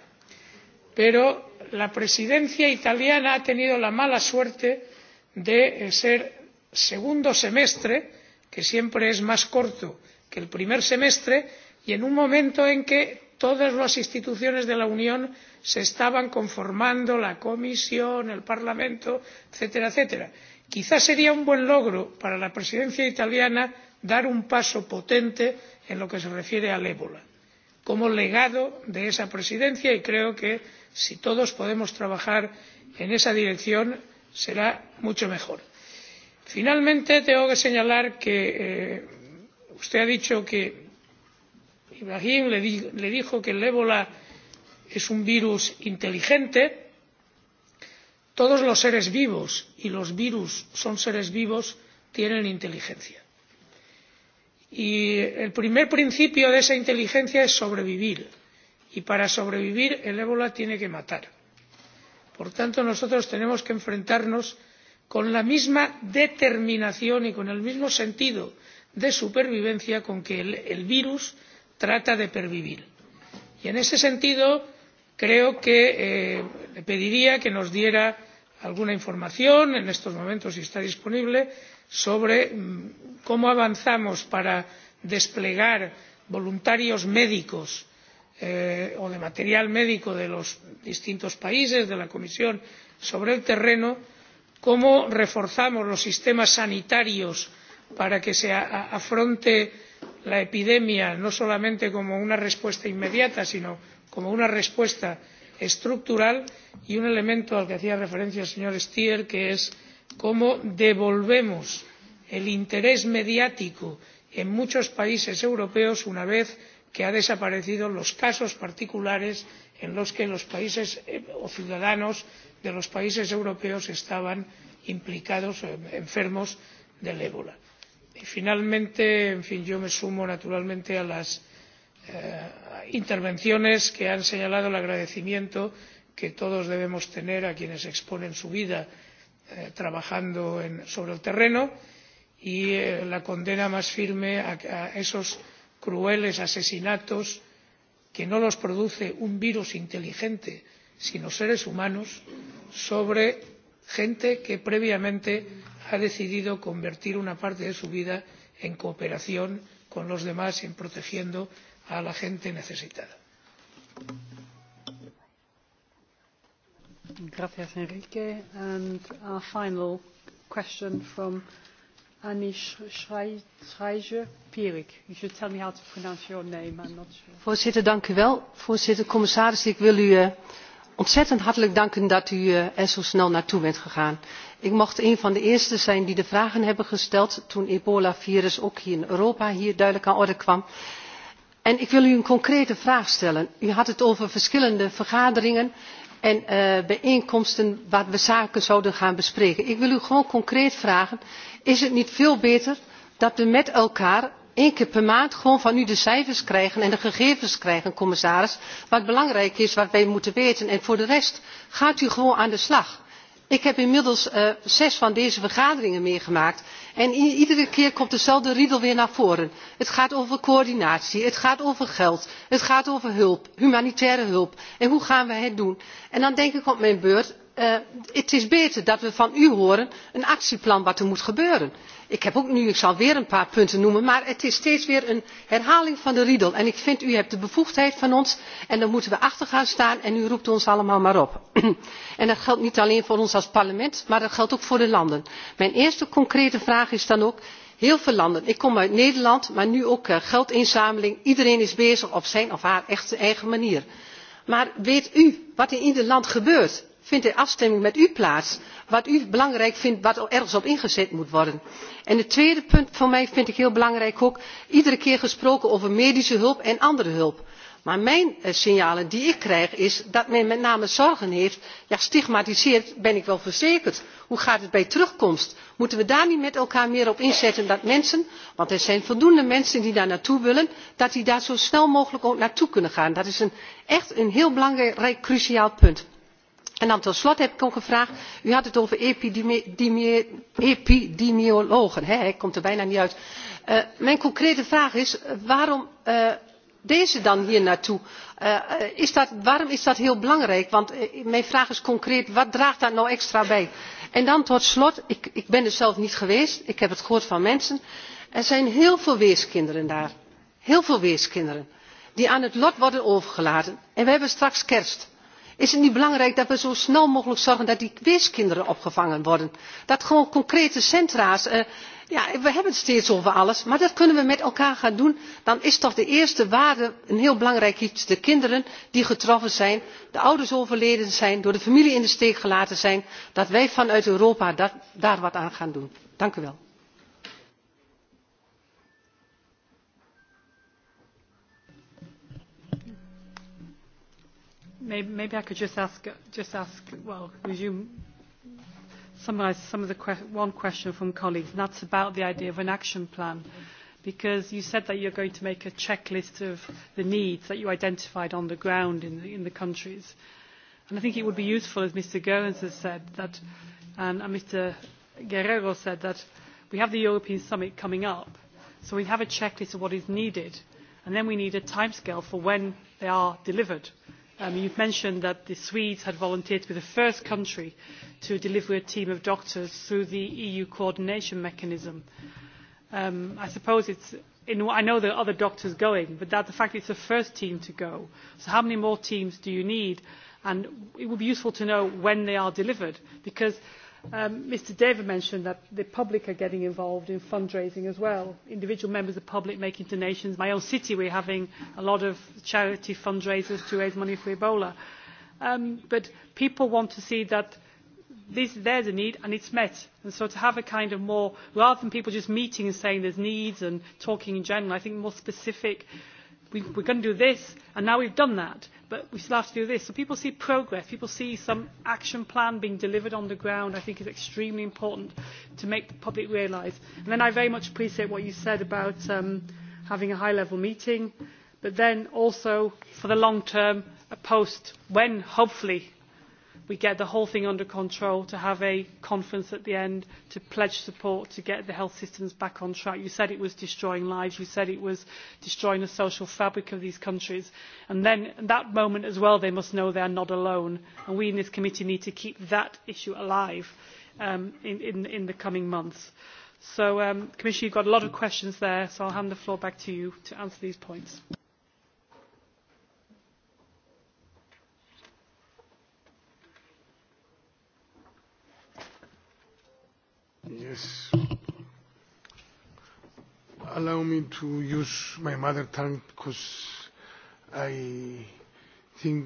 pero la presidencia italiana ha tenido la mala suerte de eh, ser segundo semestre que siempre es más corto que el primer semestre y en un momento en que todas las instituciones de la unión se estaban conformando la comisión el parlamento etcétera etcétera. quizá sería un buen logro para la presidencia italiana dar un paso potente en lo que se refiere al ébola como legado de esa presidencia y creo que si todos podemos trabajar en esa dirección será mucho mejor. finalmente tengo que señalar que eh, usted ha dicho que ibrahim le, di, le dijo que el ébola es un virus inteligente. todos los seres vivos y los virus son seres vivos tienen inteligencia y el primer principio de esa inteligencia es sobrevivir y para sobrevivir el ébola tiene que matar. por tanto nosotros tenemos que enfrentarnos con la misma determinación y con el mismo sentido de supervivencia con que el, virus trata de pervivir. y en ese sentido creo que eh, le pediría que nos diera alguna información en estos momentos si está disponible sobre mm, cómo avanzamos para desplegar voluntarios médicos eh, o de material médico de los distintos países de la comisión sobre el terreno cómo reforzamos los sistemas sanitarios para que se afronte la epidemia no solamente como una respuesta inmediata sino como una respuesta estructural y un elemento al que hacía referencia el señor stier que es cómo devolvemos el interés mediático en muchos países europeos una vez que han desaparecido los casos particulares en los que los países eh, o ciudadanos de los países europeos estaban implicados o eh, enfermos del ébola. y finalmente en fin yo me sumo naturalmente a las eh, intervenciones que han señalado el agradecimiento que todos debemos tener a quienes exponen su vida y Eh, trabajando sobre el terreno y eh, la condena más firme a, esos crueles asesinatos que no los produce un virus inteligente sino seres humanos sobre gente que previamente ha decidido convertir una parte de su vida en cooperación con los demás en protegiendo a la gente necesitada. Gracias, Enrique. And our final question from voorzitter commissaris ik wil u eh, ontzettend hartelijk danken dat u eh, er zo snel naartoe bent gegaan. ik mocht een van de eersten zijn die de vragen hebben gesteld toen het virus ook hier in europa hier duidelijk aan de orde kwam. en ik wil u een concrete vraag stellen. u had het over verschillende vergaderingen en eh, bijeenkomsten waar we zaken zouden gaan bespreken. ik wil u gewoon concreet vragen is het niet veel beter dat we met elkaar één keer per maand gewoon van u de cijfers en de gegevens krijgen commissaris wat belangrijk is wat wij moeten weten en voor de rest gaat u gewoon aan de slag. ik heb inmiddels eh, zes van deze vergaderingen meegemaakt en iedere keer komt dezelfde riedel weer naar voren het gaat over coördinatie het gaat over geld het gaat over hulp humanitaire hulp en hoe gaan we het doen? en dan denk ik op mijn beurt eh, het is beter dat we van u horen een actieplan wat er moet gebeuren ik zal nu ik weer een paar punten noemen maar het is steeds weer een herhaling van de riedel en ik vind u hebt de bevoegdheid van ons en daar moeten we achter gaan staan en u roept ons allemaal maar op. dat geldt niet alleen voor ons als parlement maar dat geldt ook voor de landen. mijn eerste concrete vraag is dan ook heel veel landen ik kom uit nederland maar nu ook eh, geldinzameling iedereen is bezig op zijn of haar eigen manier maar weet u wat er in ieder land gebeurt? vindt in afstemming met u plaats wat u belangrijk vindt wat er ergens op ingezet moet worden. En het tweede punt voor mij vind ik heel belangrijk ook iedere keer gesproken over medische hulp en andere hulp maar mijn eh, signalen die ik krijg is dat men met name zorgen heeft ja stigmatiseert ben ik wel verzekerd hoe gaat het bij terugkomst moeten we daar niet met elkaar meer op inzetten dat mensen want er zijn voldoende mensen die daar naartoe willen dat die daar zo snel mogelijk ook naartoe kunnen gaan. dat is echt een heel belangrijk cruciaal punt en dan tot slot heb ik nog een vraag u had het over epidemiologen hè? ik kom er bijna niet uit. Eh, mijn concrete vraag is waarom eh, deze dan hier naartoe? Eh, waarom is dat heel belangrijk? want mijn vraag is concreet wat draagt dat nou extra bij? en dan tot slot ik, ben er zelf niet geweest ik heb het gehoord van mensen er zijn heel veel weeskinderen daar heel veel weeskinderen die aan het lot worden overgelaten en we hebben straks kerst is het niet belangrijk dat we zo snel mogelijk zorgen dat die weeskinderen opgevangen worden? Dat gewoon concrete centra Uh, eh, ja, we hebben het steeds over alles, maar dat kunnen we met elkaar gaan doen. Dan is toch de eerste waarde een heel belangrijk iets. De kinderen die getroffen zijn, de ouders overleden zijn, door de familie in de steek gelaten zijn. Dat wij vanuit Europa daar wat aan gaan doen. Maybe, I could just ask, just ask, well, resume, summarise some of the que- one question from colleagues, and that's about the idea of an action plan. Because you said that you're going to make a checklist of the needs that you identified on the ground in the, in the countries. And I think it would be useful, as Mr. Goerens has said, that, and, and Mr. Guerrero said, that we have the European Summit coming up, so we have a checklist of what is needed, and then we need a timescale for when they are delivered Um, you have mentioned that the Swedes had volunteered to be the first country to deliver a team of doctors through the EU coordination mechanism. Um, I suppose it's in, I know there are other doctors going, but that the fact it is the first team to go. So how many more teams do you need? And it would be useful to know when they are delivered, because Mr um, Deva mentioned that the public are getting involved in fundraising as well, individual members of the public making donations. in My own city, we are having a lot of charity fundraisers to raise money for Ebola. Um, but people want to see that there is a need and it is met. And so to have a kind of more, rather than people just meeting and saying there are needs and talking in general, I think more specific we, are going to do this, and now we have done that, but we still have to do this. So people see progress, people see some action plan being delivered on the ground, I think is extremely important to make the public realise. And then I very much appreciate what you said about um, having a high-level meeting, but then also for the long term, a post when, hopefully, we get the whole thing under control, to have a conference at the end, to pledge support, to get the health systems back on track. You said it was destroying lives, you said it was destroying the social fabric of these countries. And then at that moment as well, they must know they are not alone. And we in this committee need to keep that issue alive um, in, in, in the coming months. So, um, Commissioner, you've got a lot of questions there, so I'll hand the floor back to you to answer these points. me to use my mother tongue because I think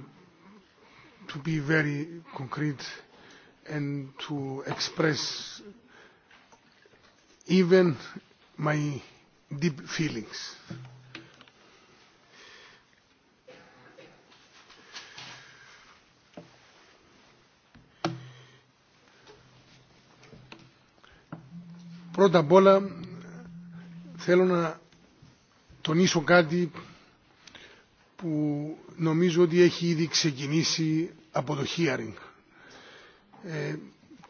to be very concrete and to express even my deep feelings. Πρώτα απ' όλα Θέλω να τονίσω κάτι που νομίζω ότι έχει ήδη ξεκινήσει από το hearing. Ε,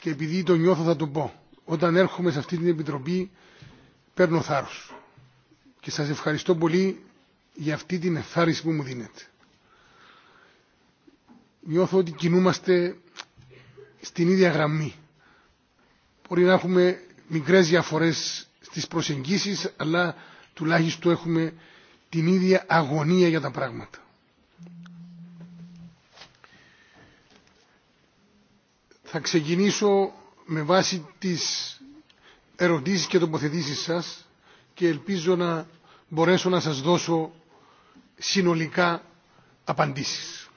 και επειδή το νιώθω θα το πω. Όταν έρχομαι σε αυτή την Επιτροπή παίρνω θάρρος. Και σας ευχαριστώ πολύ για αυτή την ευθάρρυνση που μου δίνετε. Νιώθω ότι κινούμαστε στην ίδια γραμμή. Μπορεί να έχουμε μικρές διαφορές τις προσεγγίσεις, αλλά τουλάχιστον έχουμε την ίδια αγωνία για τα πράγματα. Θα ξεκινήσω με βάση τις ερωτήσεις και τοποθετήσεις σας και ελπίζω να μπορέσω να σας δώσω συνολικά απαντήσεις.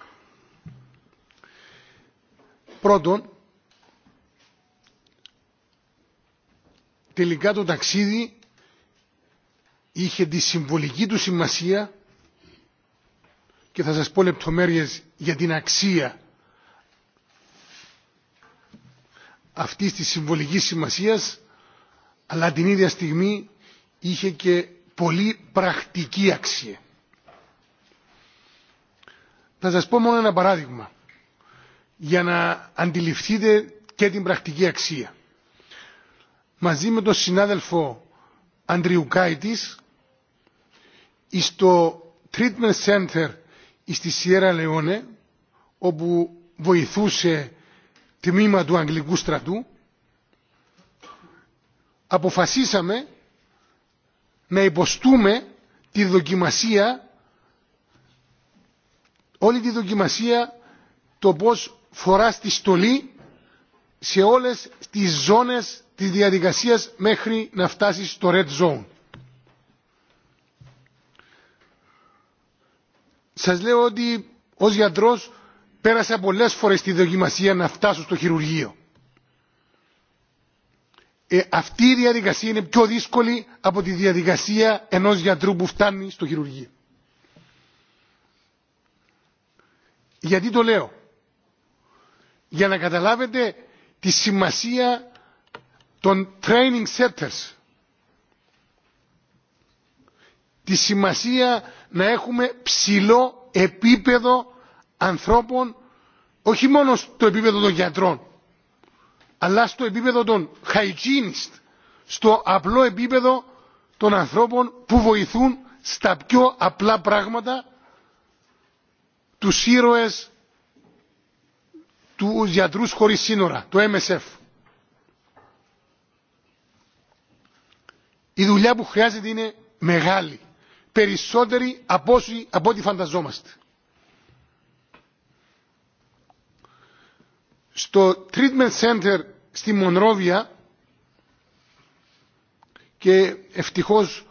Πρώτον, τελικά το ταξίδι είχε τη συμβολική του σημασία και θα σας πω λεπτομέρειες για την αξία αυτή τη συμβολική σημασία, αλλά την ίδια στιγμή είχε και πολύ πρακτική αξία. Θα σας πω μόνο ένα παράδειγμα για να αντιληφθείτε και την πρακτική αξία μαζί με τον συνάδελφο Αντριουκάητης στο treatment center στη Σιέρα Λεόνε όπου βοηθούσε τμήμα του Αγγλικού στρατού αποφασίσαμε να υποστούμε τη δοκιμασία όλη τη δοκιμασία το πως φορά στη στολή σε όλες τις ζώνες της διαδικασίας μέχρι να φτάσει στο red zone. Σας λέω ότι ως γιατρός πέρασα πολλές φορές τη δοκιμασία να φτάσω στο χειρουργείο. Ε, αυτή η διαδικασία είναι πιο δύσκολη από τη διαδικασία ενός γιατρού που φτάνει στο χειρουργείο. Γιατί το λέω. Για να καταλάβετε τη σημασία των training centers. Τη σημασία να έχουμε ψηλό επίπεδο ανθρώπων όχι μόνο στο επίπεδο των γιατρών αλλά στο επίπεδο των hygienist, στο απλό επίπεδο των ανθρώπων που βοηθούν στα πιο απλά πράγματα τους ήρωες τους γιατρούς χωρίς σύνορα, το MSF. Η δουλειά που χρειάζεται είναι μεγάλη, περισσότερη από, όσοι, από ό,τι φανταζόμαστε. Στο treatment center στη Μονρόβια και ευτυχώς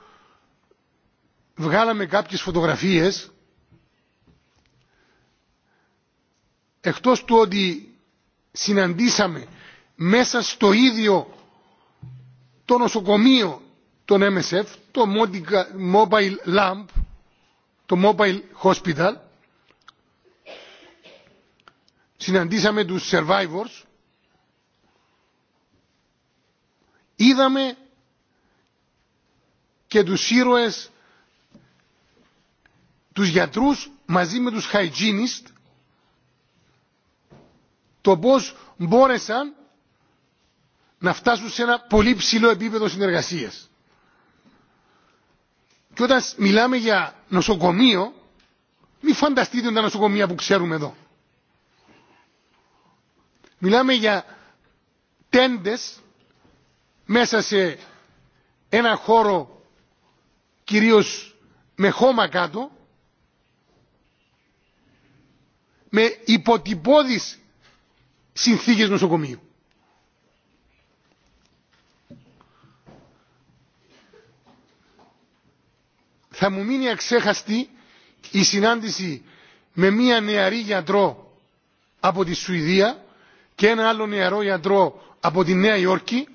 βγάλαμε κάποιες φωτογραφίες εκτός του ότι συναντήσαμε μέσα στο ίδιο το νοσοκομείο των MSF, το Mobile Lamp, το Mobile Hospital, συναντήσαμε τους survivors, είδαμε και τους ήρωες, τους γιατρούς μαζί με τους hygienists το πώς μπόρεσαν να φτάσουν σε ένα πολύ ψηλό επίπεδο συνεργασίας. Και όταν μιλάμε για νοσοκομείο, μην φανταστείτε τα νοσοκομεία που ξέρουμε εδώ. Μιλάμε για τέντες μέσα σε ένα χώρο κυρίως με χώμα κάτω, με υποτυπώδεις συνθήκες νοσοκομείου. Θα μου μείνει αξέχαστη η συνάντηση με μία νεαρή γιατρό από τη Σουηδία και ένα άλλο νεαρό γιατρό από τη Νέα Υόρκη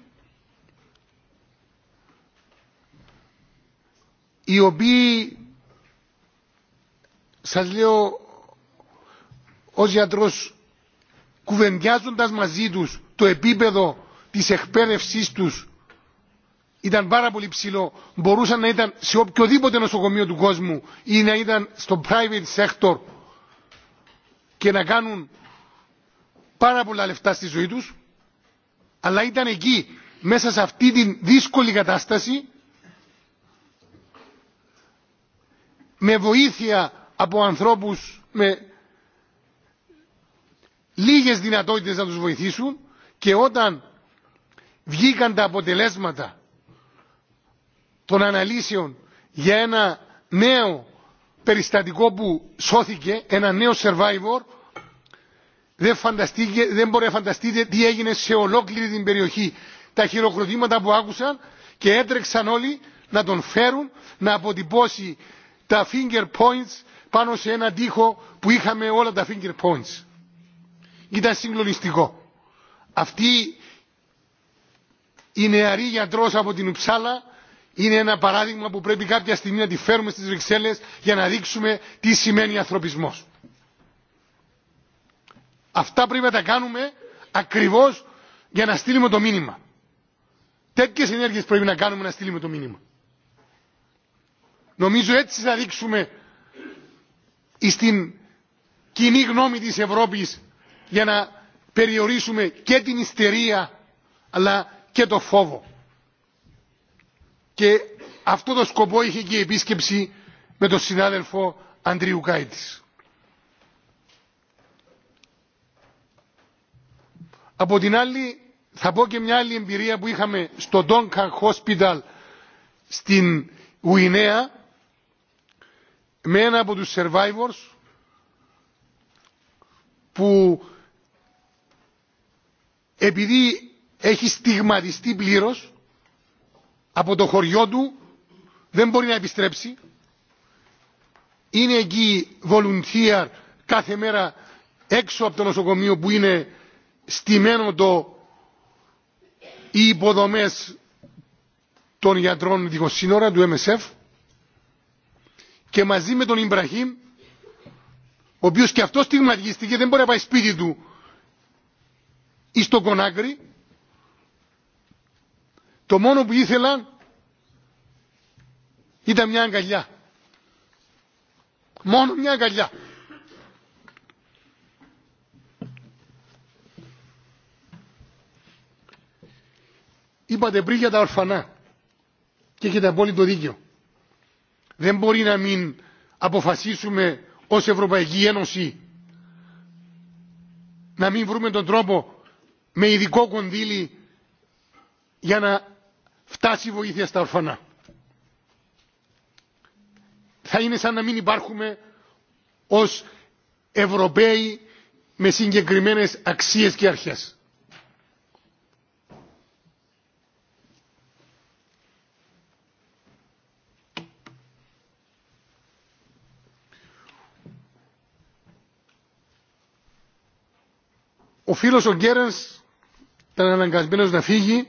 οι οποίοι σας λέω ως γιατρός κουβεντιάζοντας μαζί τους το επίπεδο της εκπαίδευσής τους ήταν πάρα πολύ ψηλό, μπορούσαν να ήταν σε οποιοδήποτε νοσοκομείο του κόσμου ή να ήταν στο private sector και να κάνουν πάρα πολλά λεφτά στη ζωή τους, αλλά ήταν εκεί μέσα σε αυτή την δύσκολη κατάσταση με βοήθεια από ανθρώπους με λίγες δυνατότητες να τους βοηθήσουν και όταν βγήκαν τα αποτελέσματα των αναλύσεων για ένα νέο περιστατικό που σώθηκε, ένα νέο survivor, δεν, δεν μπορεί να φανταστείτε τι έγινε σε ολόκληρη την περιοχή. Τα χειροκροτήματα που άκουσαν και έτρεξαν όλοι να τον φέρουν να αποτυπώσει τα finger points πάνω σε ένα τοίχο που είχαμε όλα τα finger points ήταν συγκλονιστικό. Αυτή η νεαρή γιατρό από την Υψάλα είναι ένα παράδειγμα που πρέπει κάποια στιγμή να τη φέρουμε στις Βρυξέλλες για να δείξουμε τι σημαίνει ανθρωπισμός. Αυτά πρέπει να τα κάνουμε ακριβώς για να στείλουμε το μήνυμα. Τέτοιες ενέργειες πρέπει να κάνουμε να στείλουμε το μήνυμα. Νομίζω έτσι θα δείξουμε στην κοινή γνώμη της Ευρώπης για να περιορίσουμε και την ιστερία αλλά και το φόβο. Και αυτό το σκοπό είχε και η επίσκεψη με τον συνάδελφο Αντρίου Κάιτης. Από την άλλη θα πω και μια άλλη εμπειρία που είχαμε στο Donkan Hospital στην Ουινέα με ένα από τους survivors που επειδή έχει στιγματιστεί πλήρω από το χωριό του δεν μπορεί να επιστρέψει είναι εκεί volunteer κάθε μέρα έξω από το νοσοκομείο που είναι στημένο το οι υποδομές των γιατρών δικοσύνορα του MSF και μαζί με τον Ιμπραχήμ ο οποίος και αυτός στιγματιστήκε δεν μπορεί να πάει σπίτι του ή στο Κονάκρι, το μόνο που ήθελαν ήταν μια αγκαλιά. Μόνο μια αγκαλιά. Είπατε πριν για τα ορφανά και έχετε απόλυτο δίκιο. Δεν μπορεί να μην αποφασίσουμε ως Ευρωπαϊκή Ένωση να μην βρούμε τον τρόπο με ειδικό κονδύλι για να φτάσει η βοήθεια στα ορφανά. Θα είναι σαν να μην υπάρχουμε ως Ευρωπαίοι με συγκεκριμένες αξίες και αρχές. Ο φίλος ο Γκέρενς ήταν αναγκασμένος να φύγει,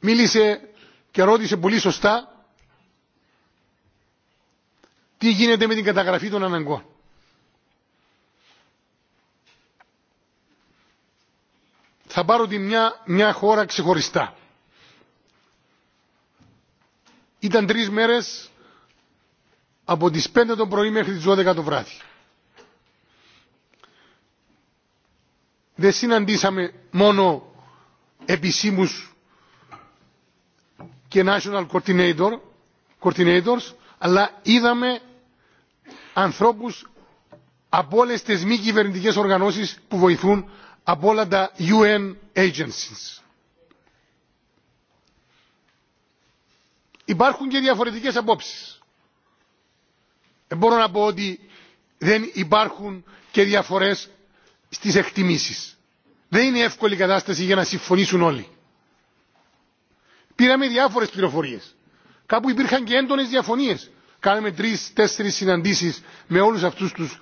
μίλησε και ρώτησε πολύ σωστά τι γίνεται με την καταγραφή των αναγκών. Θα πάρω τη μια, μια χώρα ξεχωριστά. Ήταν τρεις μέρες από τις 5 το πρωί μέχρι τις 12 το βράδυ. δεν συναντήσαμε μόνο επισήμους και national coordinator, coordinators, αλλά είδαμε ανθρώπους από όλες τις μη κυβερνητικέ οργανώσεις που βοηθούν από όλα τα UN agencies. Υπάρχουν και διαφορετικές απόψεις. Δεν μπορώ να πω ότι δεν υπάρχουν και διαφορές στις εκτιμήσεις. Δεν είναι εύκολη κατάσταση για να συμφωνήσουν όλοι. Πήραμε διάφορες πληροφορίες. Κάπου υπήρχαν και έντονες διαφωνίες. Κάναμε τρεις-τέσσερις συναντήσεις με όλους αυτούς τους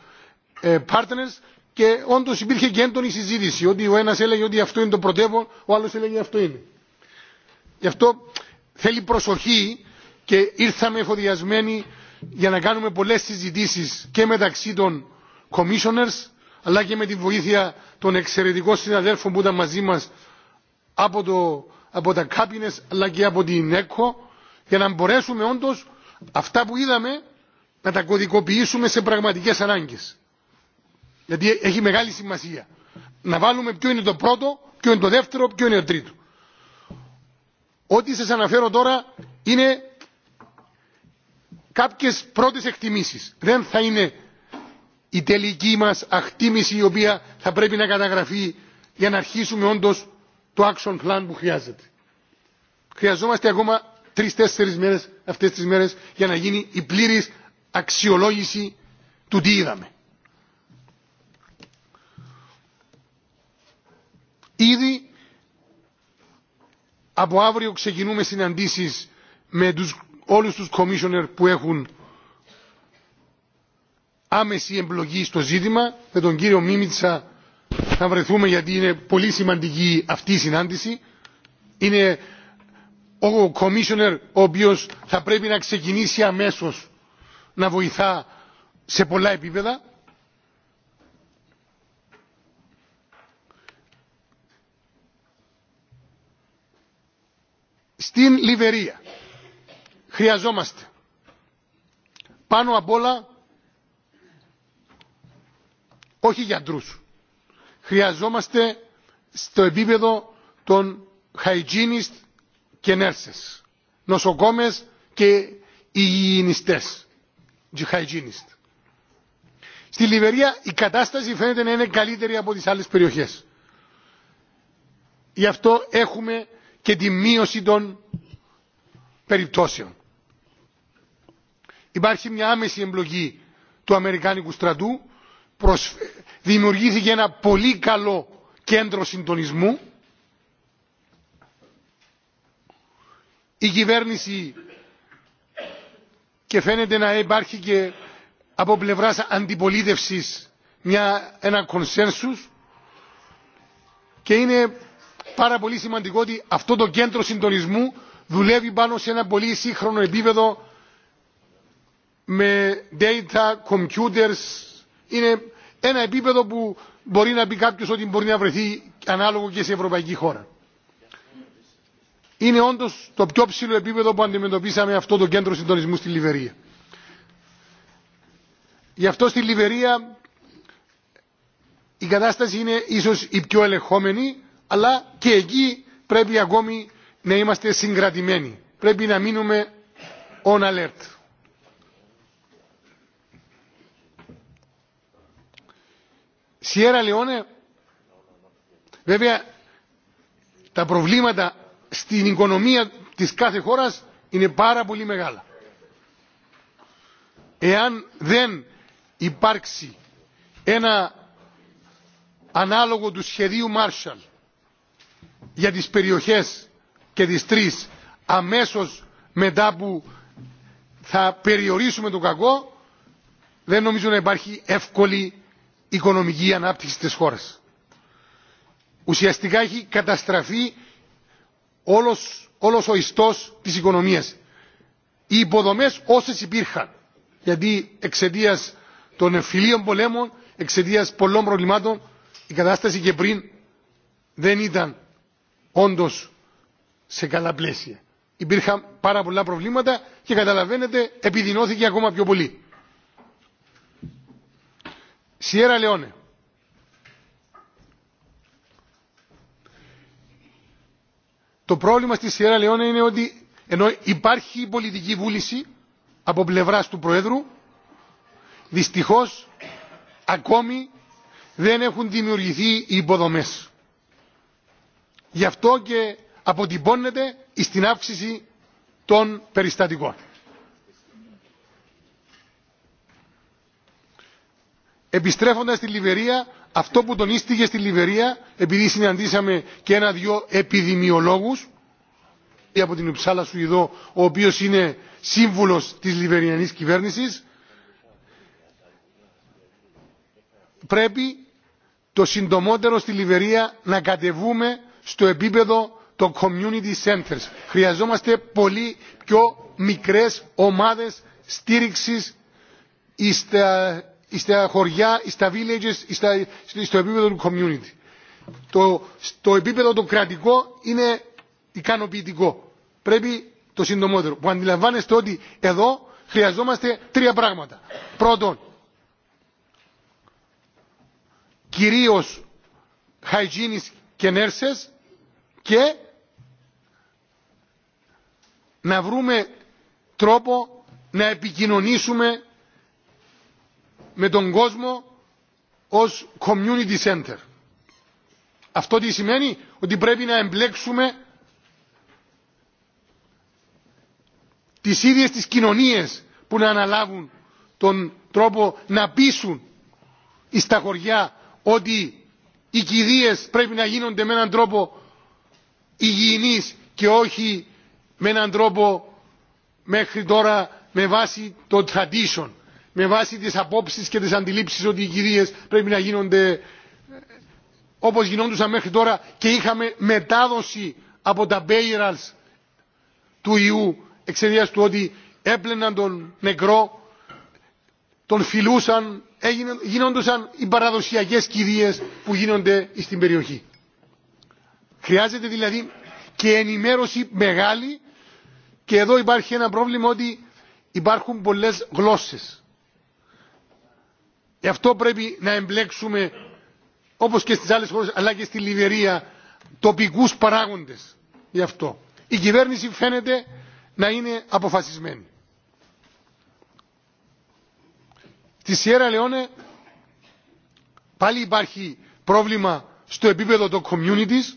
ε, partners και όντως υπήρχε και έντονη συζήτηση ότι ο ένας έλεγε ότι αυτό είναι το πρωτεύον, ο άλλος έλεγε αυτό είναι. Γι' αυτό θέλει προσοχή και ήρθαμε εφοδιασμένοι για να κάνουμε πολλές συζητήσεις και μεταξύ των commissioners αλλά και με τη βοήθεια των εξαιρετικών συναδέλφων που ήταν μαζί μα από, από τα κάπινε αλλά και από την ΕΚΟ για να μπορέσουμε όντω αυτά που είδαμε να τα κωδικοποιήσουμε σε πραγματικέ ανάγκε. Γιατί έχει μεγάλη σημασία. Να βάλουμε ποιο είναι το πρώτο, ποιο είναι το δεύτερο, ποιο είναι το τρίτο. Ό,τι σας αναφέρω τώρα είναι κάποιες πρώτες εκτιμήσεις. Δεν θα είναι η τελική μα ακτίμηση η οποία θα πρέπει να καταγραφεί για να αρχίσουμε όντω το action plan που χρειάζεται. Χρειαζόμαστε ακόμα τρει-τέσσερι μέρε αυτέ τι μέρε για να γίνει η πλήρη αξιολόγηση του τι είδαμε. Ήδη από αύριο ξεκινούμε συναντήσεις με τους, όλους τους commissioner που έχουν άμεση εμπλοκή στο ζήτημα με τον κύριο Μίμητσα να βρεθούμε γιατί είναι πολύ σημαντική αυτή η συνάντηση. Είναι ο κομίσιονερ ο οποίος θα πρέπει να ξεκινήσει αμέσως να βοηθά σε πολλά επίπεδα. Στην Λιβερία χρειαζόμαστε πάνω απ' όλα όχι γιατρούς. Χρειαζόμαστε στο επίπεδο των hygienist και nurses, νοσοκόμες και υγιεινιστές, hygienist. Στη Λιβερία η κατάσταση φαίνεται να είναι καλύτερη από τις άλλες περιοχές. Γι' αυτό έχουμε και τη μείωση των περιπτώσεων. Υπάρχει μια άμεση εμπλοκή του Αμερικάνικου στρατού δημιουργήθηκε ένα πολύ καλό κέντρο συντονισμού. Η κυβέρνηση και φαίνεται να υπάρχει και από πλευράς αντιπολίτευσης μια, ένα κονσένσους και είναι πάρα πολύ σημαντικό ότι αυτό το κέντρο συντονισμού δουλεύει πάνω σε ένα πολύ σύγχρονο επίπεδο με data, computers, είναι ένα επίπεδο που μπορεί να πει κάποιο ότι μπορεί να βρεθεί ανάλογο και σε ευρωπαϊκή χώρα. Είναι όντω το πιο ψηλό επίπεδο που αντιμετωπίσαμε αυτό το κέντρο συντονισμού στη Λιβερία. Γι' αυτό στη Λιβερία η κατάσταση είναι ίσως η πιο ελεγχόμενη, αλλά και εκεί πρέπει ακόμη να είμαστε συγκρατημένοι. Πρέπει να μείνουμε on alert. Σιέρα Λεόνε, βέβαια τα προβλήματα στην οικονομία της κάθε χώρας είναι πάρα πολύ μεγάλα. Εάν δεν υπάρξει ένα ανάλογο του σχεδίου Μάρσαλ για τις περιοχές και τις τρεις αμέσως μετά που θα περιορίσουμε το κακό δεν νομίζω να υπάρχει εύκολη οικονομική ανάπτυξη της χώρας. Ουσιαστικά έχει καταστραφεί όλος, όλος ο ιστός της οικονομίας. Οι υποδομές όσες υπήρχαν, γιατί εξαιτία των εμφυλίων πολέμων, εξαιτία πολλών προβλημάτων, η κατάσταση και πριν δεν ήταν όντως σε καλά πλαίσια. Υπήρχαν πάρα πολλά προβλήματα και καταλαβαίνετε επιδεινώθηκε ακόμα πιο πολύ sierra leone το πρόβλημα στη Σιέρα Λεόνε είναι ότι ενώ υπάρχει πολιτική βούληση από πλευράς του Προέδρου, δυστυχώς ακόμη δεν έχουν δημιουργηθεί οι υποδομές. Γι' αυτό και αποτυπώνεται στην αύξηση των περιστατικών. επιστρέφοντας στη Λιβερία αυτό που τονίστηκε στη Λιβερία επειδή συναντήσαμε και ένα-δυο επιδημιολόγους από την Υψάλα σου εδώ, ο οποίος είναι σύμβουλος της Λιβεριανής κυβέρνησης πρέπει το συντομότερο στη Λιβερία να κατεβούμε στο επίπεδο των community centers. Χρειαζόμαστε πολύ πιο μικρές ομάδες στήριξης στα χωριά, στα villages, στα, στο επίπεδο του community. Το, το επίπεδο το κρατικό είναι ικανοποιητικό. Πρέπει το συντομότερο. Που αντιλαμβάνεστε ότι εδώ χρειαζόμαστε τρία πράγματα. Πρώτον, κυρίως hygienists και nurses και να βρούμε τρόπο να επικοινωνήσουμε με τον κόσμο ως community center. Αυτό τι σημαίνει ότι πρέπει να εμπλέξουμε τις ίδιες τις κοινωνίες που να αναλάβουν τον τρόπο να πείσουν εις τα χωριά ότι οι κηδείες πρέπει να γίνονται με έναν τρόπο υγιεινής και όχι με έναν τρόπο μέχρι τώρα με βάση το tradition με βάση τις απόψεις και τις αντιλήψεις ότι οι κυρίες πρέπει να γίνονται όπως γινόντουσαν μέχρι τώρα και είχαμε μετάδοση από τα Bayerals του ιού εξαιτίας του ότι έπλαιναν τον νεκρό, τον φιλούσαν, έγιναν, γίνοντουσαν οι παραδοσιακές κυρίες που γίνονται στην περιοχή. Χρειάζεται δηλαδή και ενημέρωση μεγάλη και εδώ υπάρχει ένα πρόβλημα ότι υπάρχουν πολλές γλώσσες Γι' αυτό πρέπει να εμπλέξουμε, όπω και στι άλλε χώρε, αλλά και στη Λιβερία, τοπικού παράγοντε. γι' αυτό. Η κυβέρνηση φαίνεται να είναι αποφασισμένη. Στη Σιέρα Λεόνε πάλι υπάρχει πρόβλημα στο επίπεδο των communities,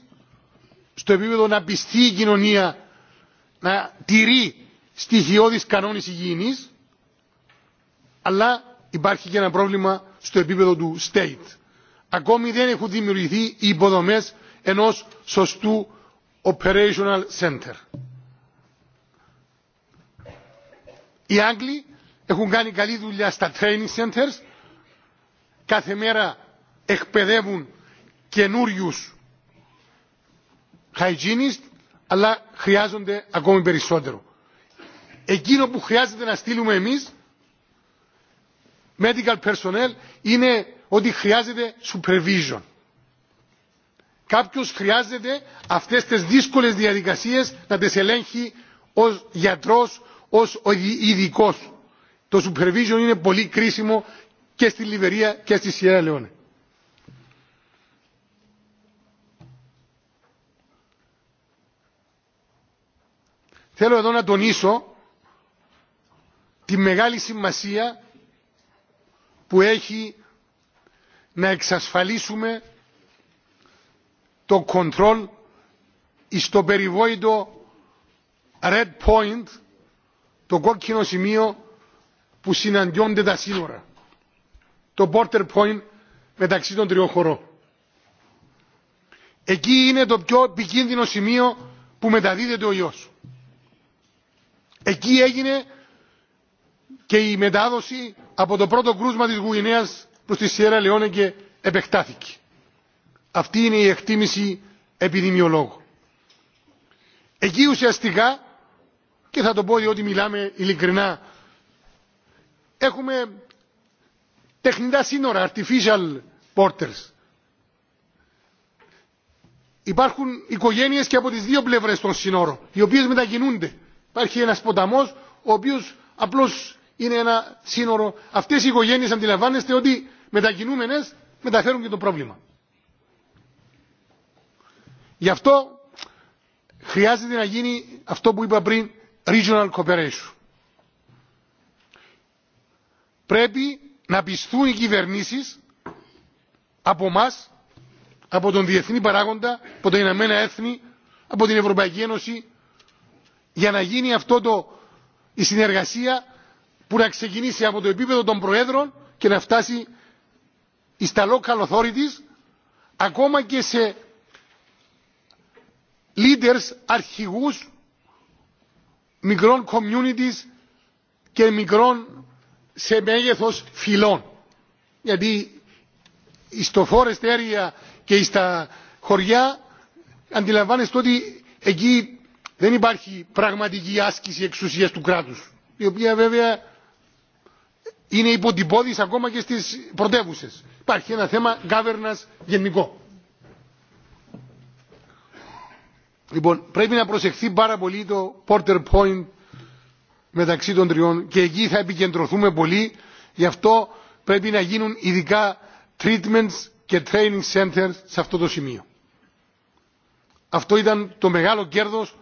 στο επίπεδο να πιστεί η κοινωνία να τηρεί στοιχειώδεις κανόνες υγιεινής, αλλά υπάρχει και ένα πρόβλημα στο επίπεδο του state. Ακόμη δεν έχουν δημιουργηθεί οι υποδομέ ενό σωστού operational center. Οι Άγγλοι έχουν κάνει καλή δουλειά στα training centers. Κάθε μέρα εκπαιδεύουν καινούριου hygienist, αλλά χρειάζονται ακόμη περισσότερο. Εκείνο που χρειάζεται να στείλουμε εμείς medical personnel είναι ότι χρειάζεται supervision. Κάποιος χρειάζεται αυτές τις δύσκολες διαδικασίες να τις ελέγχει ως γιατρός, ως ειδικό. Το supervision είναι πολύ κρίσιμο και στη Λιβερία και στη Σιέρα Λεόνε. Θέλω εδώ να τονίσω τη μεγάλη σημασία που έχει να εξασφαλίσουμε το κοντρόλ στο περιβόητο red point, το κόκκινο σημείο που συναντιόνται τα σύνορα. Το border point μεταξύ των τριών χωρών. Εκεί είναι το πιο επικίνδυνο σημείο που μεταδίδεται ο ιός. Εκεί έγινε και η μετάδοση από το πρώτο κρούσμα της Γουινέας προς τη Σιέρα Λεόνε και επεκτάθηκε. Αυτή είναι η εκτίμηση επιδημιολόγου. Εκεί ουσιαστικά, και θα το πω διότι μιλάμε ειλικρινά, έχουμε τεχνητά σύνορα, artificial porters. Υπάρχουν οικογένειες και από τις δύο πλευρές των σύνορων, οι οποίες μετακινούνται. Υπάρχει ένας ποταμός, ο οποίος απλώς είναι ένα σύνορο. Αυτές οι οικογένειες αντιλαμβάνεστε ότι μετακινούμενες μεταφέρουν και το πρόβλημα. Γι' αυτό χρειάζεται να γίνει αυτό που είπα πριν, regional cooperation. Πρέπει να πιστούν οι κυβερνήσεις από εμά, από τον διεθνή παράγοντα, από τα Ηνωμένα Έθνη, από την Ευρωπαϊκή Ένωση, για να γίνει αυτό το, η συνεργασία που να ξεκινήσει από το επίπεδο των Προέδρων και να φτάσει στα local authorities, ακόμα και σε leaders, αρχηγούς μικρών communities και μικρών σε μέγεθος φυλών. Γιατί στο forest area και στα χωριά αντιλαμβάνεστε ότι εκεί δεν υπάρχει πραγματική άσκηση εξουσίας του κράτους, η οποία βέβαια είναι υποτυπώδης ακόμα και στις πρωτεύουσες. Υπάρχει ένα θέμα governance γενικό. Λοιπόν, πρέπει να προσεχθεί πάρα πολύ το Porter Point μεταξύ των τριών και εκεί θα επικεντρωθούμε πολύ. Γι' αυτό πρέπει να γίνουν ειδικά treatments και training centers σε αυτό το σημείο. Αυτό ήταν το μεγάλο κέρδος,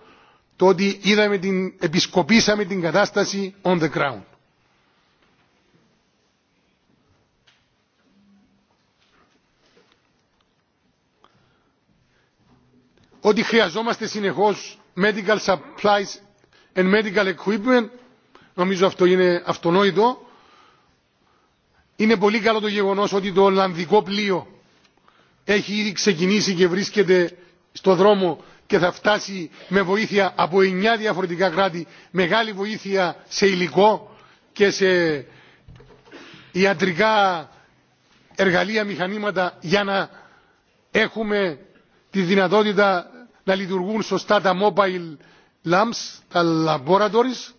το ότι είδαμε την, επισκοπήσαμε την κατάσταση on the ground. ότι χρειαζόμαστε συνεχώς medical supplies and medical equipment νομίζω αυτό είναι αυτονόητο είναι πολύ καλό το γεγονός ότι το Ολλανδικό πλοίο έχει ήδη ξεκινήσει και βρίσκεται στο δρόμο και θα φτάσει με βοήθεια από 9 διαφορετικά κράτη, μεγάλη βοήθεια σε υλικό και σε ιατρικά εργαλεία, μηχανήματα για να έχουμε τη δυνατότητα να λειτουργούν σωστά τα mobile labs, τα laboratories.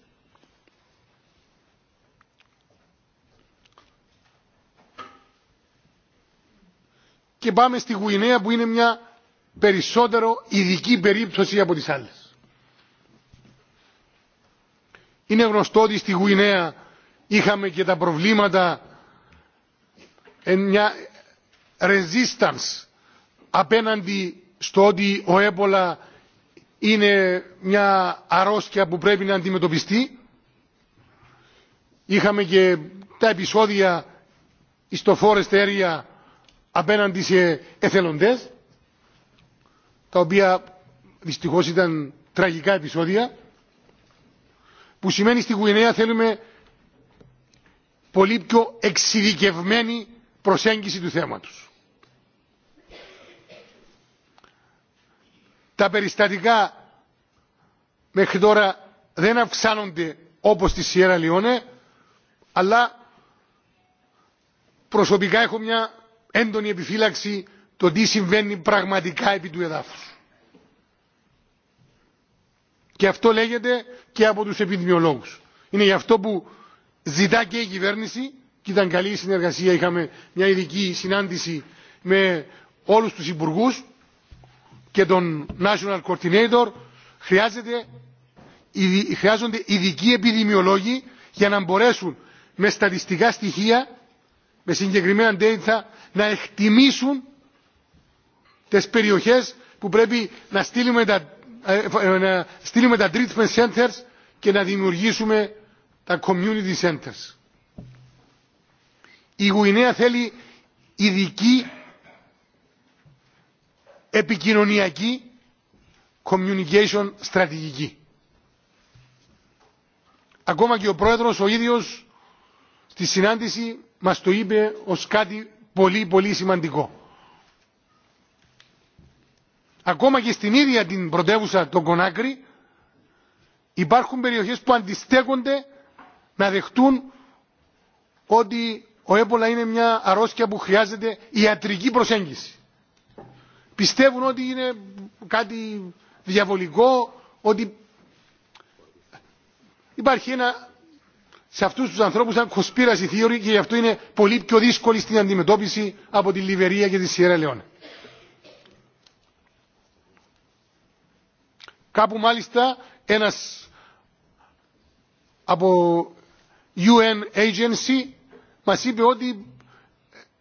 Και πάμε στη Γουινέα που είναι μια περισσότερο ειδική περίπτωση από τις άλλες. Είναι γνωστό ότι στη Γουινέα είχαμε και τα προβλήματα μια resistance απέναντι στο ότι ο έμπολα είναι μια αρρώστια που πρέπει να αντιμετωπιστεί. Είχαμε και τα επεισόδια στο Forest Area απέναντι σε εθελοντές, τα οποία δυστυχώς ήταν τραγικά επεισόδια, που σημαίνει στη Γουινέα θέλουμε πολύ πιο εξειδικευμένη προσέγγιση του θέματος. τα περιστατικά μέχρι τώρα δεν αυξάνονται όπως στη Σιέρα Λιόνε, αλλά προσωπικά έχω μια έντονη επιφύλαξη το τι συμβαίνει πραγματικά επί του εδάφους. Και αυτό λέγεται και από τους επιδημιολόγους. Είναι γι' αυτό που ζητά και η κυβέρνηση και ήταν καλή συνεργασία, είχαμε μια ειδική συνάντηση με όλους τους υπουργούς και τον national coordinator χρειάζεται, χρειάζονται ειδικοί επιδημιολόγοι για να μπορέσουν με στατιστικά στοιχεία, με συγκεκριμένα data, να εκτιμήσουν τις περιοχές που πρέπει να στείλουμε τα, να στείλουμε τα treatment centers και να δημιουργήσουμε τα community centers. Η Γουινέα θέλει ειδική επικοινωνιακή communication στρατηγική. Ακόμα και ο πρόεδρος ο ίδιος στη συνάντηση μας το είπε ως κάτι πολύ πολύ σημαντικό. Ακόμα και στην ίδια την πρωτεύουσα των Κονάκρη υπάρχουν περιοχές που αντιστέκονται να δεχτούν ότι ο έπολα είναι μια αρρώστια που χρειάζεται ιατρική προσέγγιση πιστεύουν ότι είναι κάτι διαβολικό, ότι υπάρχει ένα σε αυτούς τους ανθρώπους σαν κοσπίραση θεωρή και γι' αυτό είναι πολύ πιο δύσκολη στην αντιμετώπιση από τη Λιβερία και τη Σιέρα Λεόνα. Κάπου μάλιστα ένας από UN agency μας είπε ότι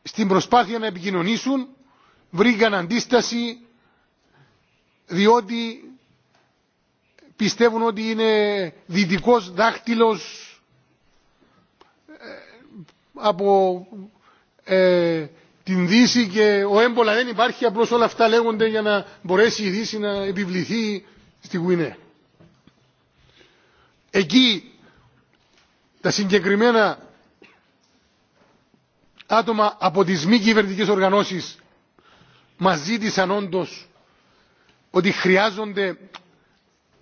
στην προσπάθεια να επικοινωνήσουν βρήκαν αντίσταση διότι πιστεύουν ότι είναι δυτικός δάχτυλος από ε, την Δύση και ο έμπολα δεν υπάρχει, απλώς όλα αυτά λέγονται για να μπορέσει η Δύση να επιβληθεί στη Γουινέ. Εκεί τα συγκεκριμένα άτομα από τις μη κυβερνητικές οργανώσεις μας ζήτησαν όντω ότι χρειάζονται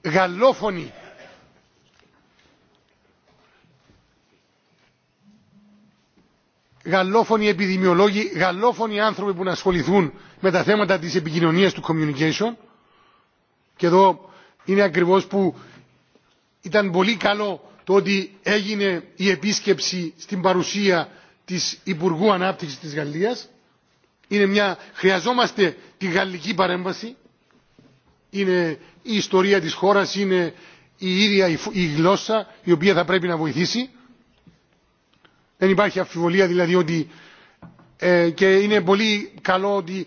γαλλόφωνοι γαλλόφωνοι επιδημιολόγοι, γαλλόφωνοι άνθρωποι που να ασχοληθούν με τα θέματα της επικοινωνίας του communication και εδώ είναι ακριβώς που ήταν πολύ καλό το ότι έγινε η επίσκεψη στην παρουσία της Υπουργού Ανάπτυξης της Γαλλίας είναι μια... Χρειαζόμαστε τη γαλλική παρέμβαση. Είναι η ιστορία της χώρας, είναι η ίδια η γλώσσα η οποία θα πρέπει να βοηθήσει. Δεν υπάρχει αμφιβολία δηλαδή ότι ε, και είναι πολύ καλό ότι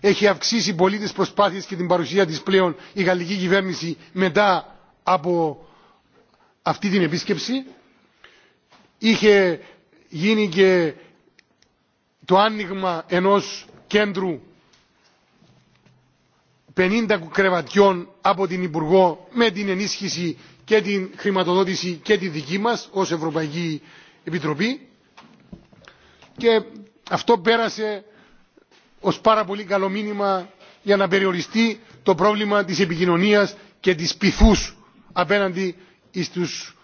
έχει αυξήσει πολύ τις προσπάθειες και την παρουσία της πλέον η γαλλική κυβέρνηση μετά από αυτή την επίσκεψη. Είχε γίνει και το άνοιγμα ενός κέντρου 50 κρεβατιών από την Υπουργό με την ενίσχυση και την χρηματοδότηση και τη δική μας ως Ευρωπαϊκή Επιτροπή και αυτό πέρασε ως πάρα πολύ καλό μήνυμα για να περιοριστεί το πρόβλημα της επικοινωνίας και της πυθούς απέναντι στους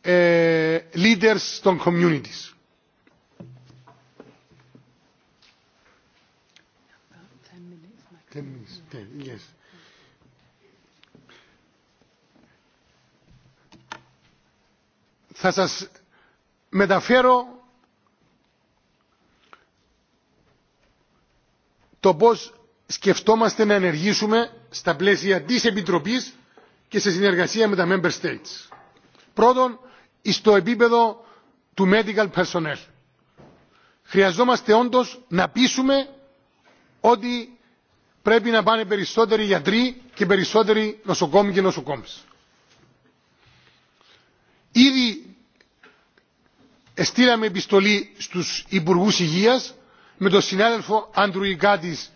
ε, leaders των communities. Ten minutes, yes. Θα σας μεταφέρω το πώς σκεφτόμαστε να ενεργήσουμε στα πλαίσια της Επιτροπής και σε συνεργασία με τα Member States. Πρώτον, στο επίπεδο του medical personnel. Χρειαζόμαστε όντως να πείσουμε ότι πρέπει να πάνε περισσότεροι γιατροί και περισσότεροι νοσοκόμοι και νοσοκόμες. Ήδη στείλαμε επιστολή στους Υπουργούς Υγείας με τον συνάδελφο Άντρου Ικάτης